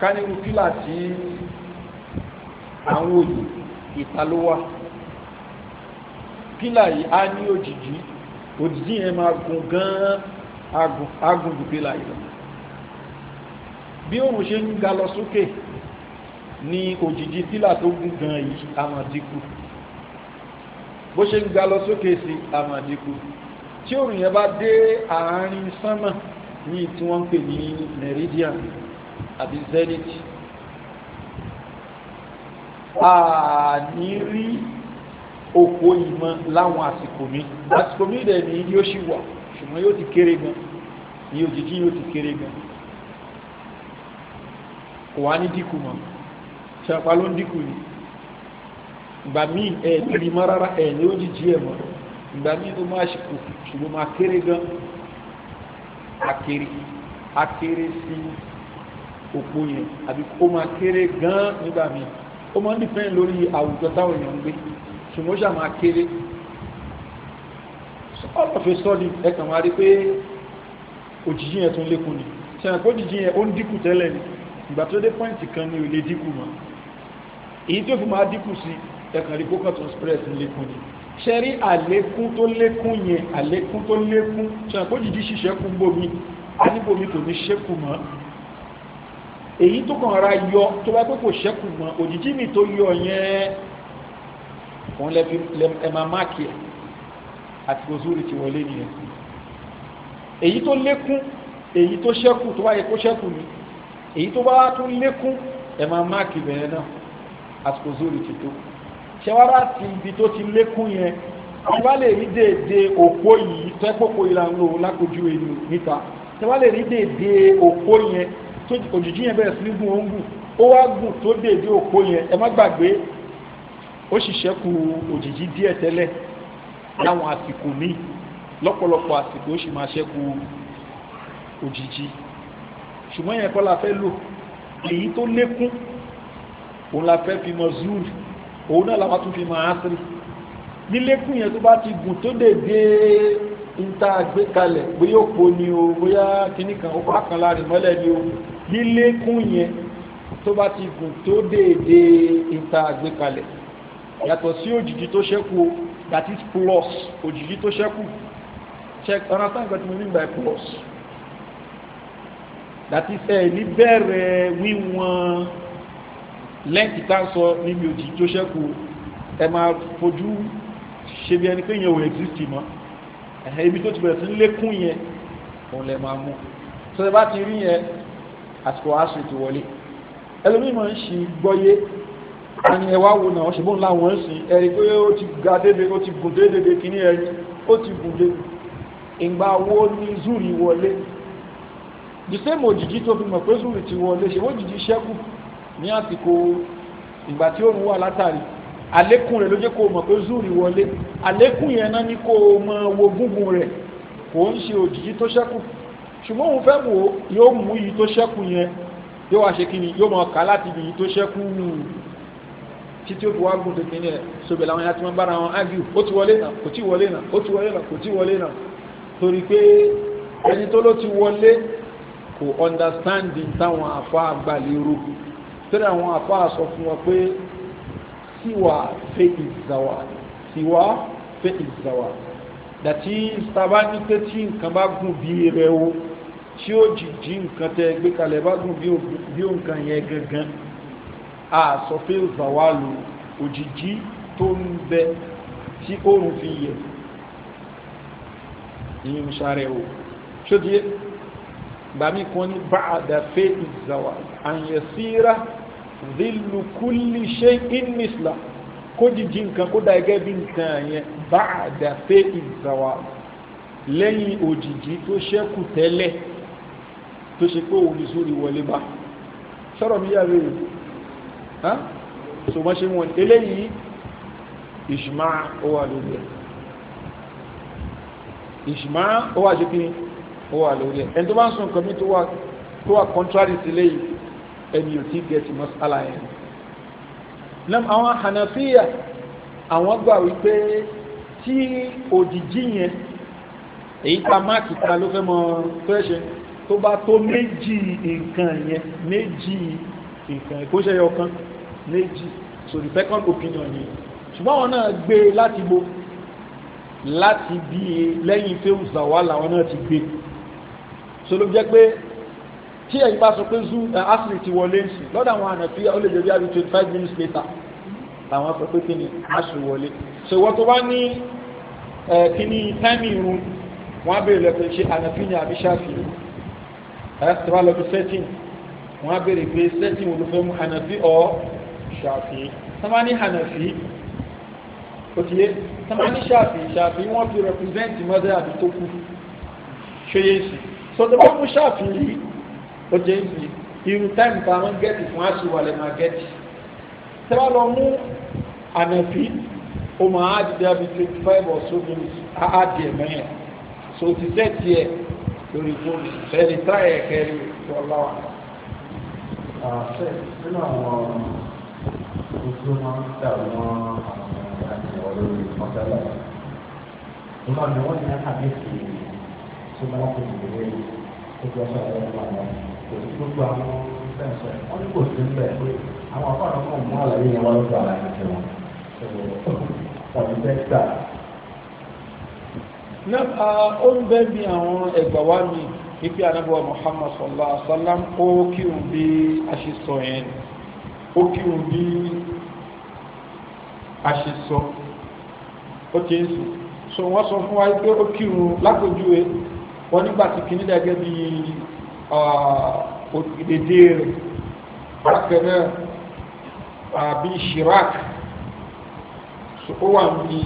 ká nínú kíláàsì àwọn òyìn ìta ló wà pílà yìí á ní òjìjí òjìjí yẹn máa gùn gan-an agùn ju pílà yìí lọ bí òun ṣe ń ga lọ sókè ni òjìjí pílà tó gùn gan yìí á máa dínkù bó ṣe ń ga lọ sókè sí á dínkù tí òrùn yẹn bá dé àárín sánmà ní tí wọ́n ń pè ní meridian àbí zenith àní rí òfò ìmọ̀ láwọn àsìkò mi àsìkò mi dẹ̀ ni yóò ṣì wà ṣùgbọ́n yóò ti kéré gan ní òjìjí yóò ti kéré gan kò wá ní dínkù mọ́ ṣàpá ló ń dínkù ni ìgbà míì ẹ̀ níbi mọ́ rárá ẹ̀ ní òjìjí ẹ̀ mọ́ ìgbà míì ló máa ṣìkò ṣùgbọ́n máa kéré gan akéré akéré sí òpó yẹn àbí kó máa kéré gan nígbà míì ó máa ń dìpẹ́ lórí àwùjọ táwọn èèyàn ń gbé ṣùgbọ́n ṣàmà kéré ọlọ́fẹ́ sọ́ọ̀lì ẹ̀kàn máa rí pé òjìjí yẹn tó ń lékún ni ṣẹ̀yàn kó jìjí yẹn ó ń dínkù tẹ́lẹ̀ ni ìgbà tó dé pọ́ìntì kan ni ò lè dínkù mọ́ èyí tó fi máa dínkù sí ẹ̀kàn rí kókàn tó ń spread ń lékún ni ṣe rí àlékún tó lékún yẹn àlékún tó lékún ṣẹ̀yàn kó jìjí ṣiṣẹ́ kú bómi a ní bómi kò ní ṣẹ́kù mọ́ èyí tó kàn ra yọ tó bá pé kò ṣẹ́kù mọ́ òjìjí mi tó yọ yẹn òun lẹ́fi ẹ máa máàkì ẹ̀ àti òzúrì ti wọlé nìyẹn èyí tó lékún èyí tó ṣẹ́kù tó wáyé kó ṣẹ́kù ni èyí tó bá tún lékún ẹ máa máàkì bẹ̀rẹ̀ náà àti òzúrì ti tó ṣẹwárá ti ibi tó ti lékún yẹn wọ́n bá lè rí déédé òpó yìí tẹ́kọ̀ọ́kọ́ ìlànà lákojú ẹni níta tẹ́ bá lè rí déédé òpó yẹn òjìjí yẹn bẹ̀rẹ̀ sí gùn ó ń gùn ó wá gùn tó déédé òpó yẹn ẹ má gbàgbé ó sì ṣẹ́kù òjìjí díẹ̀ tẹ́lẹ̀ láwọn àsìkò míì lọ́pọ̀lọpọ̀ àsìkò ó sì máa ṣẹ́kù òjìjí ṣùgbọ́n yẹn kọ́ la fẹ́ lò èyí tó lékún òun la fẹ́ fi mọ zuru òun náà la wá tún fi mọ asiri nílékún yẹn tó bá ti gùn tó dé dé níta gbé kalẹ̀ bóyá òpó ni o bóyá kíní kan òpá kan láàrin mọ́lẹ̀ ni o nílékún yẹn tó bá ti gùn tó dé dé níta gbé kalẹ̀ yàtọ̀ sí òjìjì tó ṣẹ́kù o that is plus òjìjì tó ṣẹ́kù Check. sáà nǹkan tí mo ní by plus that is ẹ̀ ní bẹ̀rẹ̀ wíwọ̀n lẹ́ǹtì tá a sọ níbi òjìjì tó ṣẹ́kù ẹ máa fojú ṣe bí ẹni pé yẹn ò exist mọ́ ẹ̀hẹ́ ibi tó ti bẹ̀rẹ̀ sí lékún yẹn òun lẹ máa mú tó ẹ bá ti rí yẹn àsìkò àṣìṣe ti wọlé ẹlòmíràn ń ṣì gbọ́yé ẹni ẹwà wo náà ṣùgbọ́n láwọn ẹ̀sìn ẹ̀rí pé ó ti ga dédé ó ti gùn dédé kìíní ẹ̀yìn ó ti gùn dédé ìgbà wo ni zuri wọlé the same òjìjí tó fi mọ̀ pé zuri ti wọlé ṣe òjìjí ṣẹ́kù ní àsìkò ìgbà tí òun wà látàrí àlékún rẹ̀ ló jẹ́ kó mọ̀ pé zuri wọlé àlékún yẹn náà ni kó mọ wo gúngun rẹ̀ kò ń ṣe òjìjí tó ṣẹ́kù ṣùgbọ́n òun fẹ́ wò yóò mú iyì tó ṣẹ́kù yẹn yóò wá ṣe kí ni yóò mọ̀ ká láti ibi iyì tó ṣẹ́kù nù títí ó fi wá gùn tètè ní ẹ̀ sóbẹ̀ làwọn yàtí wọ́n bára wọn ágìl ó ti wọlé náà kò tí wọlé náà ó ti wọlé náà kò tí wọlé náà torí pé ẹni tó ló ti wọlé kò understand táwọn afọ àgbàlérò tẹ́lẹ̀ àwọn afọ àsọ fún wọn pé síwá fẹ́ ìzàwà síwá fẹ́ ìzàwà dàtí sábà ní pé nǹkan bá gùn bí rẹ̀ o tí ó jìjì nǹkan tẹ́ gbé kalẹ̀ bá gùn bí nǹkan yẹn gangan àsọ̀fẹ́ ìzàwálò òjìjí tó ń bẹ tí oòrùn fi yẹ ìyìn sáré o ṣódí bàmí kan ní báàdà fẹ́ ìzàwálò àyẹ̀síra zílù kúlì ṣe ìnísìlá kó jìjì nǹkan kó dá ẹgẹ́ bí nǹkan yẹn báàdà fẹ́ ìzàwálò lẹ́yìn òjìjí tó ṣẹ́kù tẹ́lẹ̀ tó ṣe pé òun ní wọlé bá sọ̀rọ̀ mi yàrá èyí so wọ́n ṣe wọ́n eléyìí ìṣùmá ó wà lórí ẹ̀ ìṣùmá ó wà ṣe kí ni ó wà lórí ẹ̀ ẹni tó bá ń sùn kọ́mí tó wà tó wà contrary sí léyìí ẹni ò tí gẹ̀ẹ́sì mọ́sálà yẹn nam àwọn hànàfíà àwọn gbà wípé tí òjìjí yẹn èyí ta máàkì ta ló fẹ́ mọ fẹ́ tó bá tó méjì nǹkan yẹn méjì nǹkan yẹn kó ṣe yọ kan méjì so the second opinion ni ṣùgbọ́n àwọn náà gbé láti bo láti bí lẹ́yìn fẹ́ òzàwà làwọn náà ti gbé so ló jẹ́ pé tí ẹ̀yin bá sọ pé zu eh, asiri ti wọlé ń sìn lọ́dọ̀ àwọn ànàfi ó lè débi àbí twenty five minutes later làwọn sọ pé kí ni asiri wọlé so ìwọ́n tó bá ní eh, kí ni táìmì irun wọ́n á béèrè lẹ́pẹ́ ṣe ànàfi ni àbí ṣáfìrì ẹ̀ eh, tí wọ́n lọ fi setting wọ́n á béèrè pé setting wo ló fẹ́ mú ànàfi ọ̀ ṣàfi tamani hanafi òtíye tamani ṣàfi ṣàfi wọ́n fi represent mọ́tẹ́ àbí tó kù ṣeyé so the bá mú ṣàfi yìí ó jẹ́ ìsì irú táìmù tá a máa ń gẹ́tì fún àṣìwà lè máa gẹ́tì lọ mú hanafi ó máa á dìde àbí twenty five or so minutes á á di ẹ̀mẹ́ yẹn so ti tẹ́ tiẹ̀ lórí fóònù fẹ́ẹ́ lè tá ẹ̀kẹ́ rí ọlọ́wà. àṣẹ nínú àwọn ọmọ kú tí ó máa ń dà wọ́n àti ọ̀rọ̀ ìmọ̀tálà. Nígbà mi wọ́n ti ní àbíyèsí tó máa ń fi ìwé tó jọ sọ àwọn ọmọ àwọn kò sí gbogbo àwọn fẹ́ǹsọ̀. Wọ́n ní kò sí ń bẹ̀ pé àwọn àkọ́nà kan mú àlàyé yẹn wá lọ́dọ̀ àlàyé tí wọ́n. Ọ̀dùn bẹ́ẹ̀ gbà. Nípa ó ń bẹ́ bí àwọn ẹ̀gbà wá mi ipi anabiwa muhammad sallallahu alaihi wa sallam ó kírun bí a ṣe sọ yẹn ó kírun bí àṣìsọ ó ti ń sùn so wọ́n sọ fún wa pé ó kírun lápòjúwe wọ́n nígbà tí kìíní dàgẹ́ bí òdèdè rẹ̀ bákan náà àbí shirak so ó wà ní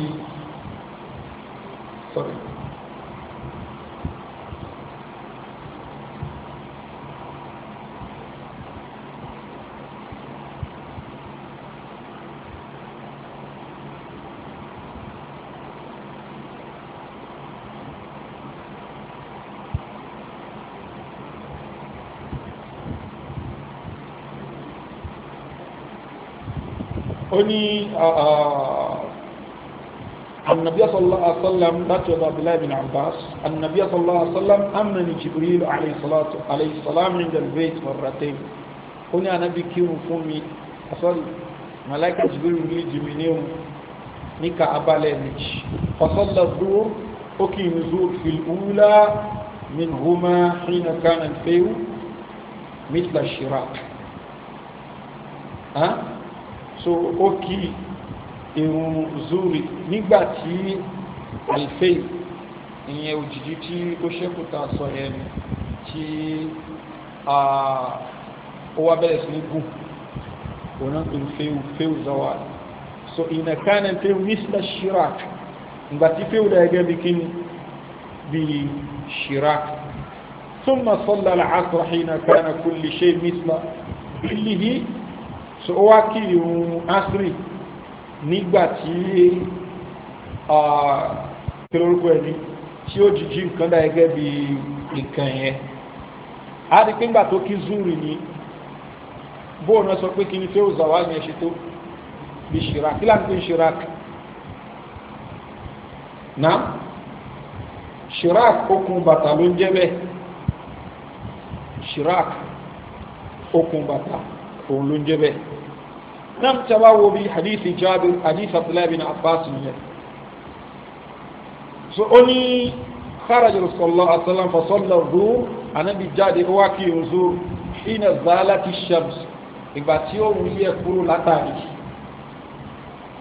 sọ̀rọ̀. ó ní النبي صلى الله عليه وسلم لا تدع عبد الله بن عباس النبي صلى الله عليه وسلم أمن جبريل عليه الصلاة عليه السلام عند البيت مرتين هنا نبي كيم فمي أصل ملائكة جبريل لي جمينيوم نيكا أبالينيش فصلى الظهر أوكي نزول في الأولى منهما حين كان الفيو مثل الشراق ها أه؟ so ó kí irun zuri nígbà tí alifei ìyẹn òjìjí tí ó ṣẹ́kù ta sọ yẹn tí ó wá bẹ̀rẹ̀ sí ní gùn òun náà ń fẹ́ù fẹ́ù zawal so ìnà kánẹ̀ fẹ́ù mísílẹ̀ shirak ìgbà tí fẹ́ù dá bí kíni bí shirak ثم صلى العصر حين كان كل شيء مثل ظله so ó wá kí ìrun asiri nígbà tí kí lórúkọ ẹni tí ó jìjì nǹkan dá gẹ́gẹ́ bí nǹkan yẹn a rí pé ńgbà tó kí zuri ni bóun náà sọ pé kí ni fẹ́ òzàwá yẹn ṣe tó bí shirak kí láti pín shirak na shirak okùn bàtà ló ń jẹ́ bẹ́ẹ̀ shirak okùn bàtà òun ló ń jẹ́ bẹ́ẹ̀ náà tí a bá wo bí hadithi Jabir hadith Abdullahi bin Abbas nìyẹn so ó ní kharaja sallallahu alaihi wasallam fa salla zuhr anabi jáde ó wá kí irun zuhr ina zalati shams ìgbà tí ó wù yẹ kúrò látàrí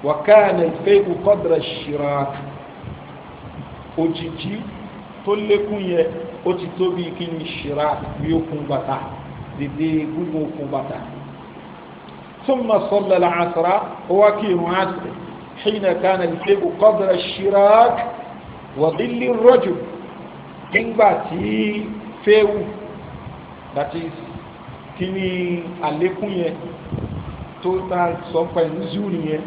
wa kana al-fay'u qadra ash-shirak òjìjí tó lékún yẹ ó ti tóbi kí ni ṣìrá bí okùn bàtà dèdè gúngun okùn bàtà ثم صلى العصر وكيم عصر حين كان الفيء قدر الشراك وظل الرجل nígbà tí fẹ́wù that is kí ni àlékún yẹn tó ta sọ pa ìlú zuri yẹn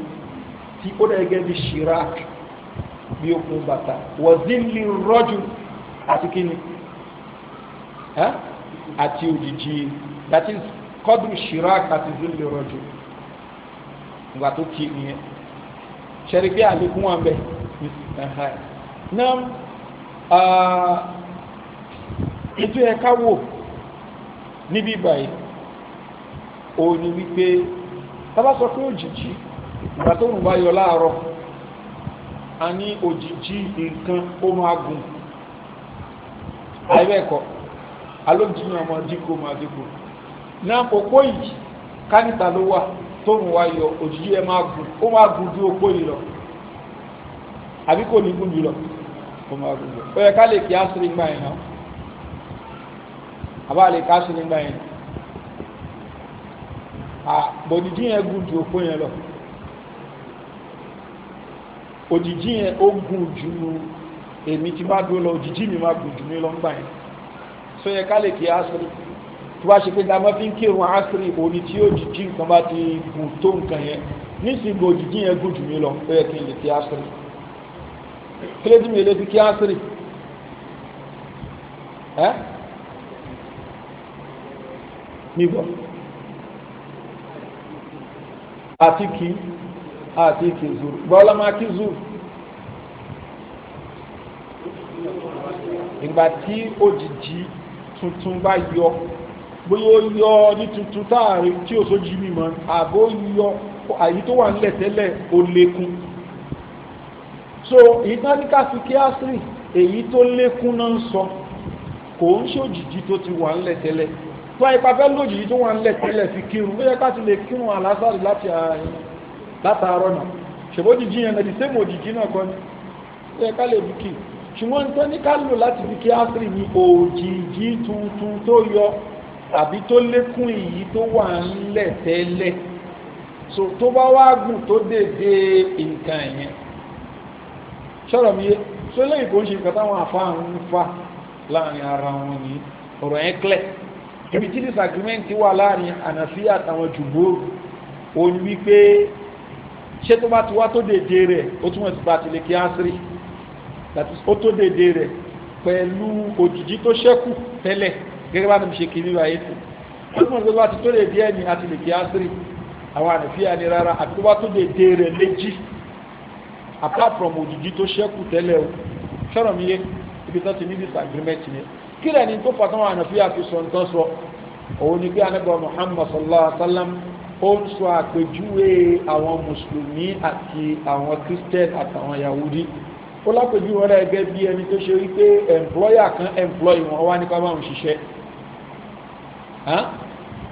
tí ó dẹ́gẹ́ bí shirak bí okùn bàtà wazili rọ́jù àti kí ni àti òjìji that is kọ́dùrù shirak àti zilli rọ̀jù ìgbà tó kí nìyẹn ṣẹ̀rí pé àlékún wọn bẹ̀ náà ètò ẹ̀ka wò níbí báyìí òun ni wípé tábà sọ pé òjìjí ìgbà tó ń bá yọ láàárọ̀ a ní òjìjí nǹkan ó máa gùn àìbẹ́ẹ̀kọ́ alójìjí náà máa dínkù máa dínkù náà òpó yìí kánìtà ló wà tóun wá yọ òjìji ẹ máa gùn ó máa gùn ju òpó yìí lọ àbí kò ní gùn jù lọ ó máa gùn jù ó yẹ ká lè kí àṣírí gbà yẹn náà àbá lè ká àṣírí gbà yẹn àbòdìjì yẹn gùn ju òpó yẹn lọ òjìji yẹn ó gùn ju èmi ti bá dúró lọ òjìji mi máa gùn jù mí lọ ń gbà yẹn sọ yẹ ká lè kí àṣírí gbà tí wàá ṣe pé tá a máa fi ń kírun àṣírí òní tí yóò jíjí nǹkan bá ti gùn tó nǹkan yẹn nísìnyí òjìjí yẹn gùn jù mí lọ ó yẹ kí n lè kí àṣírí kílódé mi lè fi kí mi gbọ́ àti kí àti kí zuru bọ́lá máa kí zuru ìgbà tí òjìjí tuntun bá yọ bóyá ó yọ ní tuntun táàrí tí ò sójú mímọ̀ àbó yọ àyí tó wà nílẹ̀ tẹ́lẹ̀ ó lékún so ìtàníkà psychiatry èyí tó lékún náà ń sọ kò ń ṣòjìjì tó ti wà nílẹ̀ tẹ́lẹ̀ tó ipa fẹ́ lòjìjì tó wà nílẹ̀ tẹ́lẹ̀ fi kírun bóyá ká ti lè kírun àlásàrì láti látàárọ̀ náà ṣèbó jìjì yẹn náà di sẹ́mu òjìjì náà kọ́ ni bóyá ká lè fi kí ṣùgbọ́n ìtàníkà lò láti fi kí áṣírí ni òjìjì tuntun tó yọ tàbí tó lékún èyí tó wà ńlẹ̀ tẹ́lẹ̀ so tó bá wá gùn tó dédé nǹkan yẹn ṣọ́rọ̀ mi yé so lẹ́yìn kò ń ṣe nǹkan táwọn àfáà ń fa láàrin ara wọn ni ọ̀rọ̀ yẹn clear ibi tí disagreement wà láàrin ànàfí àtàwọn jùmọ̀ ò ní wípé ṣé tó bá ti wá tó dédé rẹ̀ ó túmọ̀ sí bá ti lè kí ásírì ó tó dédé rẹ̀ pẹ̀lú òjìjí tó ṣẹ́kù tẹ́lẹ̀ gẹ́gẹ́ bá ti ṣe kiri wáyé tó ọdún tó bá ti tó lè díẹ̀ ní àti lè kí ásírì àwọn ànífíà ni rárá àti tó bá tó lè dé rẹ̀ méjì apart from òjìjí tó ṣẹ́kù tẹ́lẹ̀ o sọ̀rọ̀ mi yé ibi tó ti ní disagreement ni kí rẹ̀ ni tó fa táwọn ànífíà fi sọ nǹkan sọ òun ni pé anábọ̀ Muhammad sallallahu alaihi wa sallam ó ń sọ àpèjúwe àwọn mùsùlùmí àti àwọn christian àtàwọn yahudi ó lápèjúwe rẹ̀ gẹ́gẹ́ bí ẹni tó ṣe wípé employer kan employ wọn wá nípa báwọn ṣiṣẹ́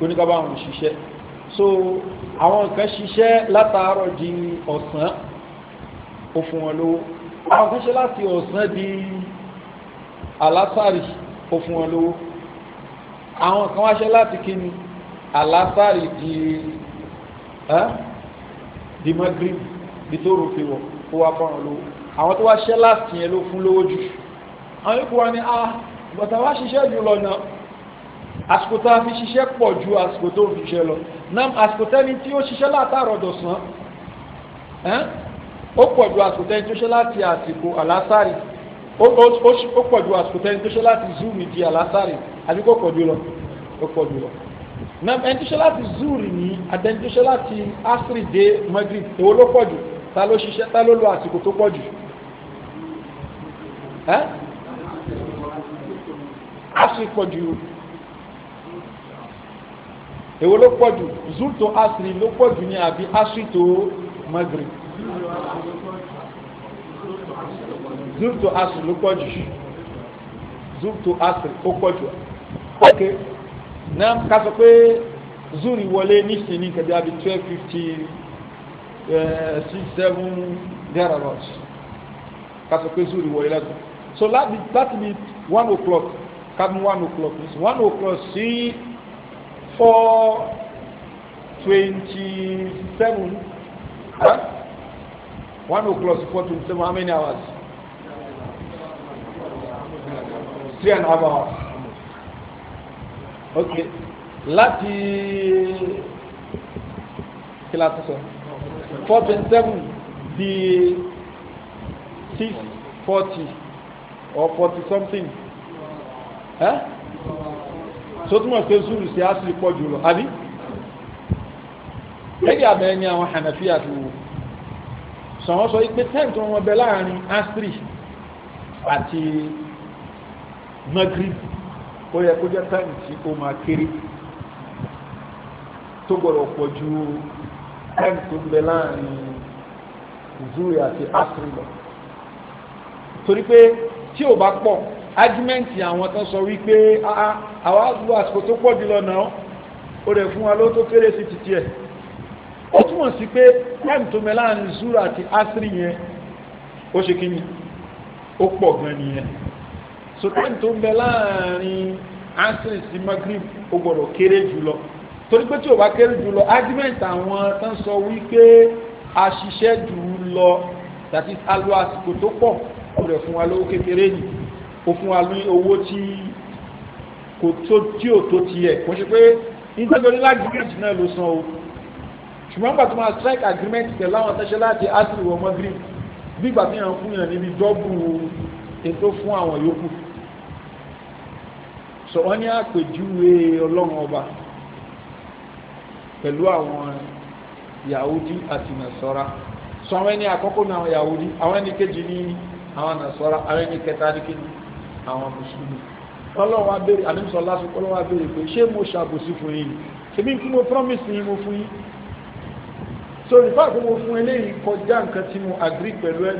oníkàbá àwọn òṣìṣẹ́ so àwọn nǹkan ṣiṣẹ́ látàárọ̀ di ọ̀sán ó fún wọn lówó àwọn nǹkan ṣe láti ọ̀sán di alásàrì ó fún wọn lówó àwọn nǹkan wáṣẹ́ láti kíni alásàrì di di magrib di tó rò fi wọ̀ ó wá fún wọn lówó àwọn tó wáṣẹ́ láti yẹn ló fún lówó jù àwọn ikú wa ni a, bọ̀tà wá ṣiṣẹ́ jù lọ náà àsìkò tá a fi ṣiṣẹ́ pọ̀ ju àsìkò tó fi ṣiṣẹ́ lọ nam àsìkò tẹ́ni tí ó ṣiṣẹ́ látàárọ̀ dọ̀sán ó pọ̀ ju àsìkò tẹ́ni tó ṣe láti àsìkò àlásàrì ó pọ̀ ju àsìkò tẹ́ni tó ṣe láti zúrì di àlásàrì àbí kò pọ̀ jù lọ ó pọ̀ jù lọ nam ẹni tó ṣe láti zúrì ní àtẹni tó ṣe láti asiri dé magrib èwo ló pọ̀ jù ta ló ṣiṣẹ́ ta ló lo àsìkò tó pọ̀ jù asiri pọ̀ jù èwo ló pọ̀ jù zul tó asiri ló pọ̀ jù ní àbí asiri tó magre zul tó asiri ló pọ̀ jù zul tó asiri ó pọ̀ jù ok náà ká sọ pé zul wọlé nísìnyí kẹbi àbí twelve fifty eh, six seven there about ká sọ pé zul wọlé lẹ́sọ̀ so láti láti bi one o'clock ká one o'clock one o'clock sí. Si, four twenty-seven huh? one o'clock four twenty-seven how many hours three and a half hours okay láti kila tó sọ four twenty-seven di six forty or forty something. Huh? sótúmọ̀ pé zuru sí asiri pọ̀ jù lọ àbí lẹ́yìn abẹ́ ni àwọn hànàfíà ti wò sọ̀wọ́n sọ pé time tó wọn bẹ láàrin asiri àti magrib ó yẹ kó jẹ́ time tí ó máa kéré tó gbọ́dọ̀ ju time tó bẹ láàrin zuru àti asiri lọ tí ò bá pọ̀ ágímẹ́ǹtì àwọn tó sọ wípé ah, ah, àwọn àgbò àsìkò tó pọ̀ jùlọ náà ó rẹ̀ fún wa ló tó kéré sí títí ẹ̀ ó túmọ̀ sí pé time tó mẹ́ láàrin zura àti asiri yẹn ó ṣe kíni ó pọ̀ gan nìyẹn so time tó mẹ́ láàrin asiri sí magrib ó gbọ́dọ̀ kéré jùlọ torí pé tí ò bá kéré jùlọ argument àwọn tán sọ wípé a ṣiṣẹ́ jù ú lọ that is alo àsìkò tó pọ̀ kò rẹ̀ fún wa lówó kékeré yìí ó fún wa ní owó tí kò tó tí ò tó tiẹ̀ kò ṣe pé nítorí lágbègbè náà ló san o ṣùgbọ́n gbàtí wọn strike agreement pẹ̀lú àwọn tẹ́ṣẹ́ láti asiri wọ ọmọ green bí gbàtí yàn fún yàn níbi dọ́bù ètò fún àwọn yòókù sọ wọn ní àpèjúwe ọlọ́run ọba pẹ̀lú àwọn yahudi àti nasọra sọ àwọn ẹni àkọ́kọ́ ní àwọn yahudi àwọn ẹni kejì ní àwọn nasọra àwọn ẹni kẹta ní kejì àwọn mùsùlùmí ọlọ́wọ́ abẹ́rẹ́ àdínsọ lásìkò ọlọ́wọ́ abẹ́rẹ́ pé ṣé mo ṣàbòsí fún yín ṣèbí kí mo promise yín mo fún yín so nípa àpò mo fún eléyìí kọjá nǹkan tí mo agree pẹ̀lú ẹ̀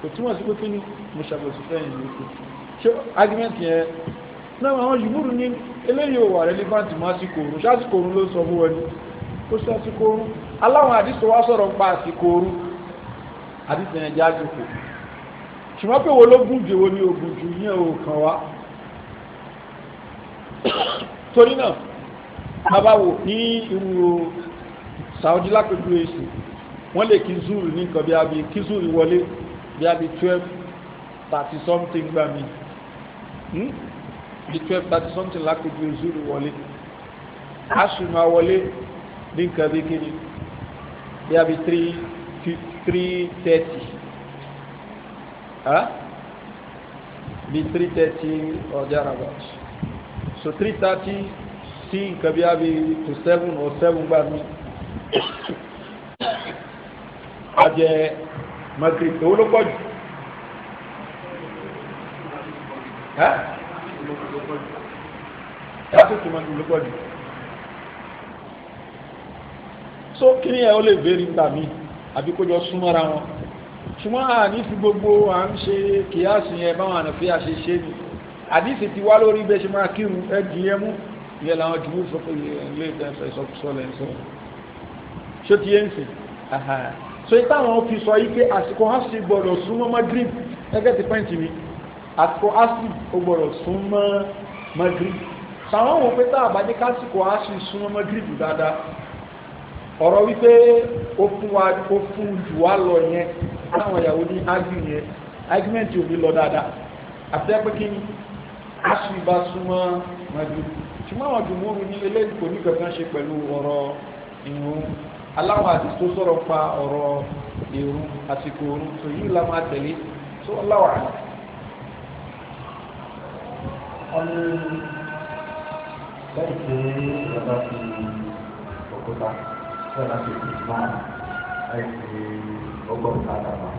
kò túmọ̀ sí pé kí ni mo ṣàbòsí fún yín lókè ṣé argument yẹn náà àwọn jùmúrù ní eléyìí ò wà relevant mọ́ àsìkò òru ṣàsìkò òru ló sọ fún ẹni kó ṣàsìkò òru aláwọn àdìsọ wa sọ̀rọ̀ ń pa àsìkò òru àdìsọ yẹn jáde kò ṣùgbọ́n pé wo ló gùn jù wo ni ògùn jù yẹn ò kàn wá torí náà bàbá ní irú Saudi lápẹjù èsì wọ́n lè kí zuru ní nǹkan bí abi kí zuru wọlé bí abi twelve thirty something gbà mí hmm? bí twelve thirty something lápẹjù zuru wọlé asùnmọ́ wọlé ní nǹkan bí kíni bí abi three thirty huh? bí 330 or e e thereabout so 330 sí nǹkan bí abi to 7 or 7 gbà mí ajẹ madrid owó ló pọ̀ jù ẹ́ ẹ́ tó tó madrid ló pọ̀ jù so kí ni ẹ ó lè bẹ́ẹ̀ nígbà mí àbí kó jọ súnmọ́ra wọn ṣùgbọ́n a ní fi gbogbo à ń ṣe kìyàsí yẹn báwọn ànàfí àṣe ṣe ni àdìsí ti wá lórí bẹ́ẹ̀ ṣe máa kírun ẹ̀dì yẹn mú yẹn làwọn jùlọ sọ pé ilé ìdáfẹ́ ìsọkúsọlẹ̀ ń sọ ṣó ti yẹn ń sìn so ìta àwọn fi sọ yìí pé àsìkò hasi gbọ́dọ̀ súnmọ́ Maghrib ẹgbẹ́ ti pẹ́ǹtì mi àsìkò hasi ó gbọ́dọ̀ súnmọ́ Maghrib sàwọn wò pé tá àbájẹ́ kásìkò hasi súnmọ́ Maghrib dáadáa ọ̀rọ̀ wípé ó fún jù wá lọ yẹn àwọn ìyàwó ní ágìrì yẹn ágìmẹ́ntì ò ní lọ dáadáa àti ẹgbẹ́ kí ni aṣù ìbá súnmọ́ màjú ṣùgbọ́n àwọn jùmọ́rù ní eléyìí kò ní kankan ṣe pẹ̀lú ọ̀rọ̀ ìrun aláwọ̀ àti tó sọ̀rọ̀ pa ọ̀rọ̀ ìrun àsìkò òrun tó yìí la máa tẹ̀lé tó láwà ọ̀nà lẹ́yìn tí ọba fi òkúta fẹ́ràn ṣe ìgbà náà àìsí ọgbọ́n kàtà wa.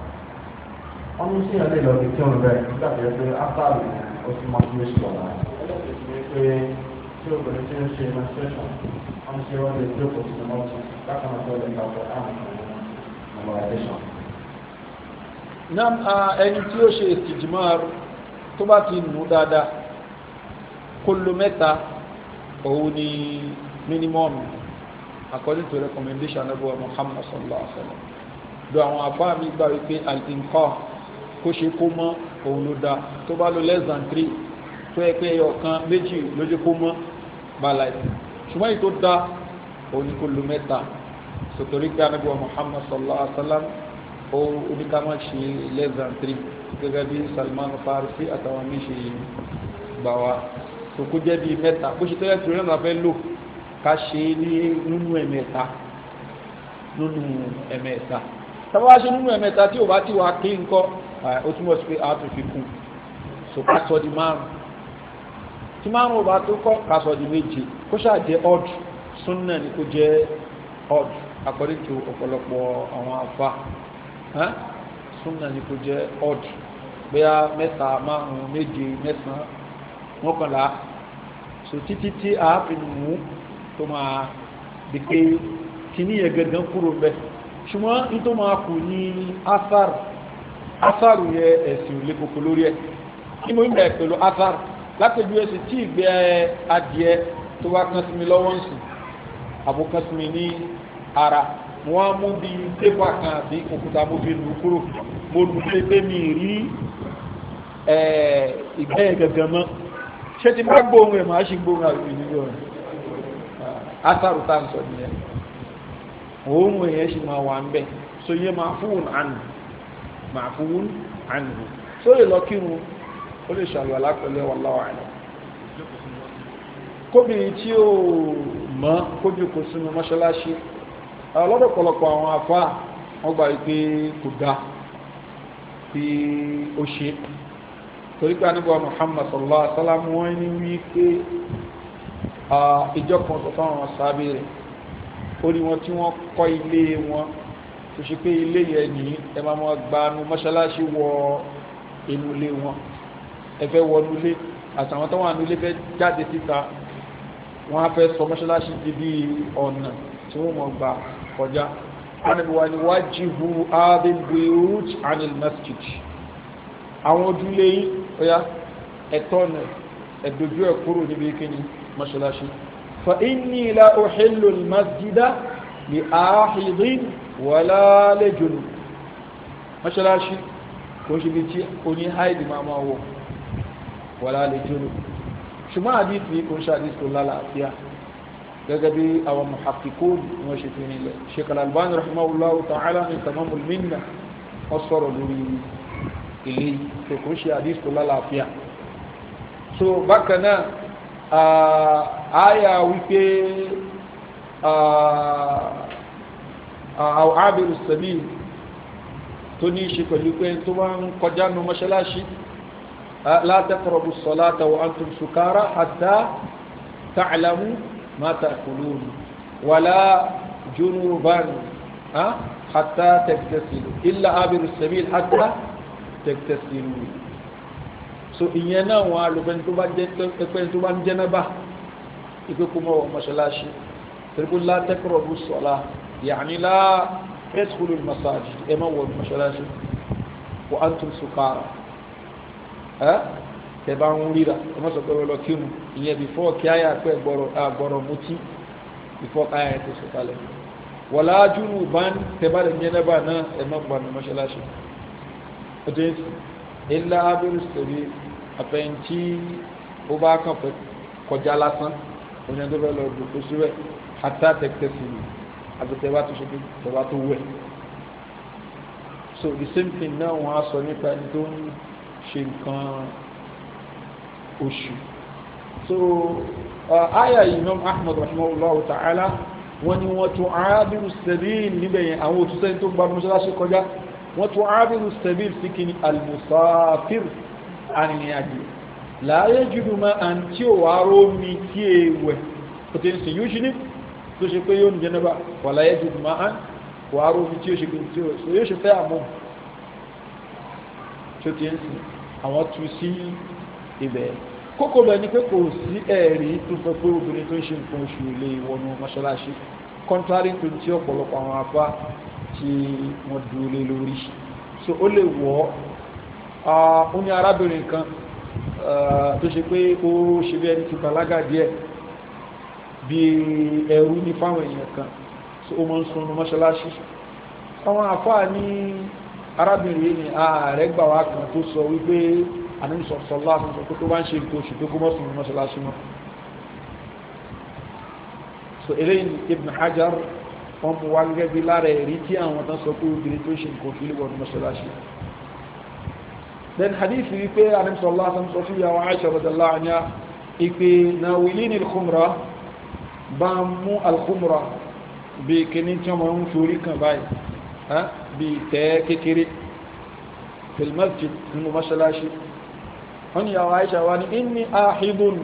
wọ́n ní sí ìyànlẹ́ lọ sí kí wọ́n bẹ̀rẹ̀ nígbà tó yẹ pé áfáàlù ó sì máa ń gbé sùn ọ̀la. ẹlẹ́kẹ̀ẹ́ ni pé tí obìnrin ti ń ṣe menstruation wọ́n ṣe wọ́n lè gbé kò sí mọ́tò bákan náà tó lè gbà pé àrùn normalization. nam ẹni tí ó ṣe ìtìjìmọ́ tó bá ti nù dáadáa kóló mẹ́ta òun ni mínímọ́ọ̀mù according to recommendation nabuwa muhammad sallallahu alaihi wa sallam do àwọn àfáà mi gbà wípé àìsínkọ́ kó ṣe kó mọ́ òun ló dá tó bá lo less than three tó yẹ pé ọ̀kan méjì ló jẹ́ kó mọ́ balàìsì ṣùgbọ́n èyí tó dá òun ni kó lo mẹ́ta sòtòrí pé anábíwá muhammad sallallahu alaihi wa sallam ó oníkàmá ṣe less than three gẹ́gẹ́ bí salman farisi àtàwọn mí ṣe gbà wá tó kó jẹ́ bíi mẹ́ta bó ṣe tẹ́lẹ̀ tó rẹ̀ náà fẹ́ lò ká ni é ní nínú ẹ̀mẹ́ta nínú ẹ̀mẹ́ta tábà wá ṣe nínú ẹ̀mẹ́ta tí ò bá ti wà kí nǹkan ó túmọ̀ sí pé a tún fi kún so ká di márùn tí márùn ò bá tó kọ́ ká di méje kó ṣàjẹ́ ọ̀dù súnà ni kó jẹ́ ọ̀dù according to ọ̀pọ̀lọpọ̀ àwọn afa súnà ni kó jẹ́ ọ̀dù bóyá mẹ́ta márùn méje mẹ́sàn-án so títí tí a fi mú tó máa di pé kìíní yẹn gẹ̀gẹ̀ kúrò bẹ́ ṣùgbọ́n ní tó máa kù ní asar asar yẹ ẹ̀sìn òlé kòkó lórí ẹ̀ ní mo ń bẹ̀rẹ̀ pẹ̀lú asar látọ̀jú ẹ̀sìn tí ìgbẹ́ adìẹ tó wá kán sí mi lọ́wọ́ ń sùn àbò kán sí mi ní ara wọ́n á mú bí pépà kan àbí òkúta mo fi lù kúrò mo lù pé pé mi rí ìgbẹ́ gẹ̀gẹ̀ mọ́ ṣé ti má gbóhùn ẹ̀ máa ṣe gbóhùn àbí ìdílé ọ̀rẹ́ asaru tá à ń sọ nìyẹn òun èèyàn sì máa wà ń bẹ so ye máa fún àná máa fún àná so lè lọ kírun ó lè ṣàlù alápẹ̀lẹ̀ wallahu a'lam kóbìnrin tí ó mọ́ kójú kò sínú mọ́ṣáláṣí ọlọ́dọ̀pọ̀lọpọ̀ àwọn afá wọ́n gbà pé kò dá bí ó ṣe torí pé anígbà Muhammad sallallahu alaihi wasallam wọ́n ní wí ìjọ kan sọ fáwọn sábẹ rẹ ó ní wọn tí wọn kọ́ ilé wọn tó ṣe pé ilé yẹn ní ẹ máa máa gbanu mọ́ṣáláṣí wọ inú ilé wọn ẹ fẹ́ wọnú ilé àtàwọn tó wà nílé fẹ́ jáde síta wọn á fẹ́ sọ mọ́ṣáláṣí di bí ọ̀nà tí wọ́n mọ̀ gbà kọjá wọn ni wájìhù adébúyúrúj anil masjid àwọn ojúlé yìí ó yá ẹ̀tọ́ ọ̀nà ẹ̀dójú ẹ̀ kúrò níbi kíni mọ́ṣáláṣí fa inni la uhillu al-masjida li ahidin wala lejun mọ́ṣáláṣí kò ṣe bí tí oní haidi máa máa wọ̀ wala lejun ṣùgbọ́n àdìsí kò ń ṣe àdìsí tó lálàáfíà gẹ́gẹ́ bí àwọn muhakkikun ni wọ́n ṣe fi nílẹ̀ Sheikh al-Albani rahimahullahu ta'ala ní tamamul minna wọ́n sọ̀rọ̀ lórí ilé ìfẹ̀kùn ṣe àdìsí tó lálàáfíà so bákan náà àyà ah, wípé àwọn ábẹ̀rù sẹ̀mí tó ní ṣe pẹ̀lú pé tó máa ń kọjá nu mọ́ṣáláṣí látẹ̀kọ̀rọ̀bù sọ̀lá tàwọn antum sukara hatta tàcàlámù máa ta'kulun wàlá junuban ah, hatta tẹ̀kítẹ́sìlú illa ábẹ̀rù sẹ̀mí hatta tẹ̀kítẹ́sìlú so ìyẹn náà wọn alùpẹ̀ni tó bá jẹ́ pẹ́pẹ́ni tó bá ń jẹ́ náà bá ìgbé kó mọ́ mọ́ṣáláṣí tẹ̀lé la taqrabu salah ya'ni la tadkhulu al-masajid ẹ̀ má wọ mọ́ṣáláṣí wa antum sukara ẹ́ tẹ̀ bá ń ríra ẹ̀ má sọ pé wọ́n lọ kírun ìyẹn bìfọ́ kí á yà pé gbọ́rọ̀ mutí bìfọ́ ká yà tó sọ̀kalẹ̀ wala junuban tẹ̀ àfẹnjí ó bá kàn fẹ́ kọjá lásán oní ẹni tó fẹ́ lọ dùkú síbẹ̀ hàtà tẹ̀kítẹ́sì ni àbẹ̀tẹ̀ bá tó ṣe tó bá tó wẹ̀. so the same thing náà wọ́n á nípa ẹni tó ń ṣe nǹkan oṣù. so uh, àyà Imam Ahmad rahimahullah ta'ala wọ́n ní wọ́n tún arábìrù sẹ́bíìn níbẹ̀ yẹn àwọn òtútẹ́ni tó gba mọ́ṣáláṣí kọjá wọ́n tún arábìrù sẹ́bíìn sí kí ni arìnrìnàjò láàyè jùlọ máa à ń tí ò wá rómi tí è wẹ̀ kò tí ń sìn yóò ṣe ní tó ṣe pé yóò ní jẹnẹba wà láàyè jùlọ máa à ń wà rómi tí ó ṣe pé tí ó ṣe yóò ṣe fẹ́ àmọ́ tí ti ń sìn àwọn tu sí ibẹ̀ kókó bẹ̀ ni pé kò sí ẹ̀rí tó fẹ́ pé obìnrin tó ń ṣe nǹkan oṣù lè wọnú mọ́ṣáláṣí contrary to ti ọ̀pọ̀lọpọ̀ àwọn afá tí wọ́n dúró lé lórí so ó lè wọ́ ó ní arábìnrin kan tó ṣe pé ó ṣe bí ẹni ti bàlágà díẹ̀ bí ẹrú ní fáwọn èèyàn kan tí ó máa ń sunu mọ́ṣáláṣí àwọn àfáà ní arábìnrin yìí ni ààrẹ gbà wá kan tó sọ wípé àníṣọ sọlá àtúnṣe tó bá ń ṣe nǹkan oṣù tó kó mọ́ sunu mọ́ṣáláṣí so eléyìí Ibn Hajar wọn mú wá gẹ́gẹ́ bí lára ẹ̀rí tí mọ́ then hadith yìí pé anamsọ̀lá sọ fún yàwó Aisha radallahu anha ìpè na wìlí ní alkhumra bá mú alkhumra bí kíní tí wọ́n ń forí kan báyìí bí tẹ́ kékeré fil masjid nínú mọ́ṣáláṣí wọ́n ni yàwó Aisha wa ni inni ahidun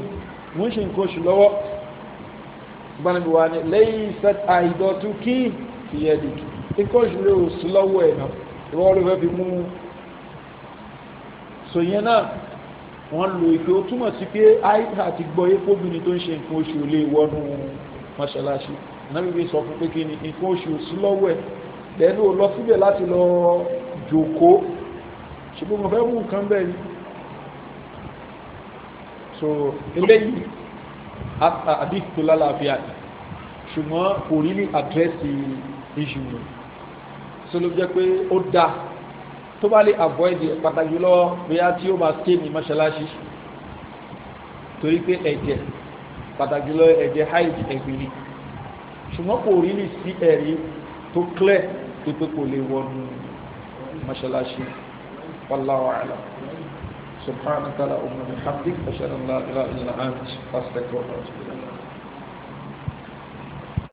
mú ṣe nǹkan oṣù lọ́wọ́ gbanabi wa ni laysat ahidatuki fi yadiki nǹkan oṣù lè sùn lọ́wọ́ fi mú so yẹn náà wọ́n lo ìpè ó túmọ̀ sí pé aisha ti gbọ́ epo obìnrin tó ń ṣe nǹkan oṣù lè wọnú mọ́ṣáláṣí anábìbí sọ fún pé kí ni nǹkan oṣù sí lọ́wọ́ ẹ̀ lẹ́nu ò lọ síbẹ̀ láti lọ jòkó ṣùgbọ́n mo fẹ́ mú nǹkan bẹ́ẹ̀ ni so eléyìí àdìsí tó lálàáfíà ṣùgbọ́n kò rí ní àdírẹ́sì ìṣùnà so pé ó dáa tó bá lè avoid ẹ̀ pàtàkì lọ bóyá tí ó máa ké ní mọ́ṣáláṣí torí pé ẹ̀jẹ̀ pàtàkì lọ ẹ̀jẹ̀ hide ẹ̀gbìnrin ṣùgbọ́n kò rí lè sí ẹ̀rí tó clear tó pé kò lè wọnú mọ́ṣáláṣí wallahu a'lam subhanaka allahumma wa bihamdika ashhadu an la ilaha illa anta astaghfiruka wa atubu ilayk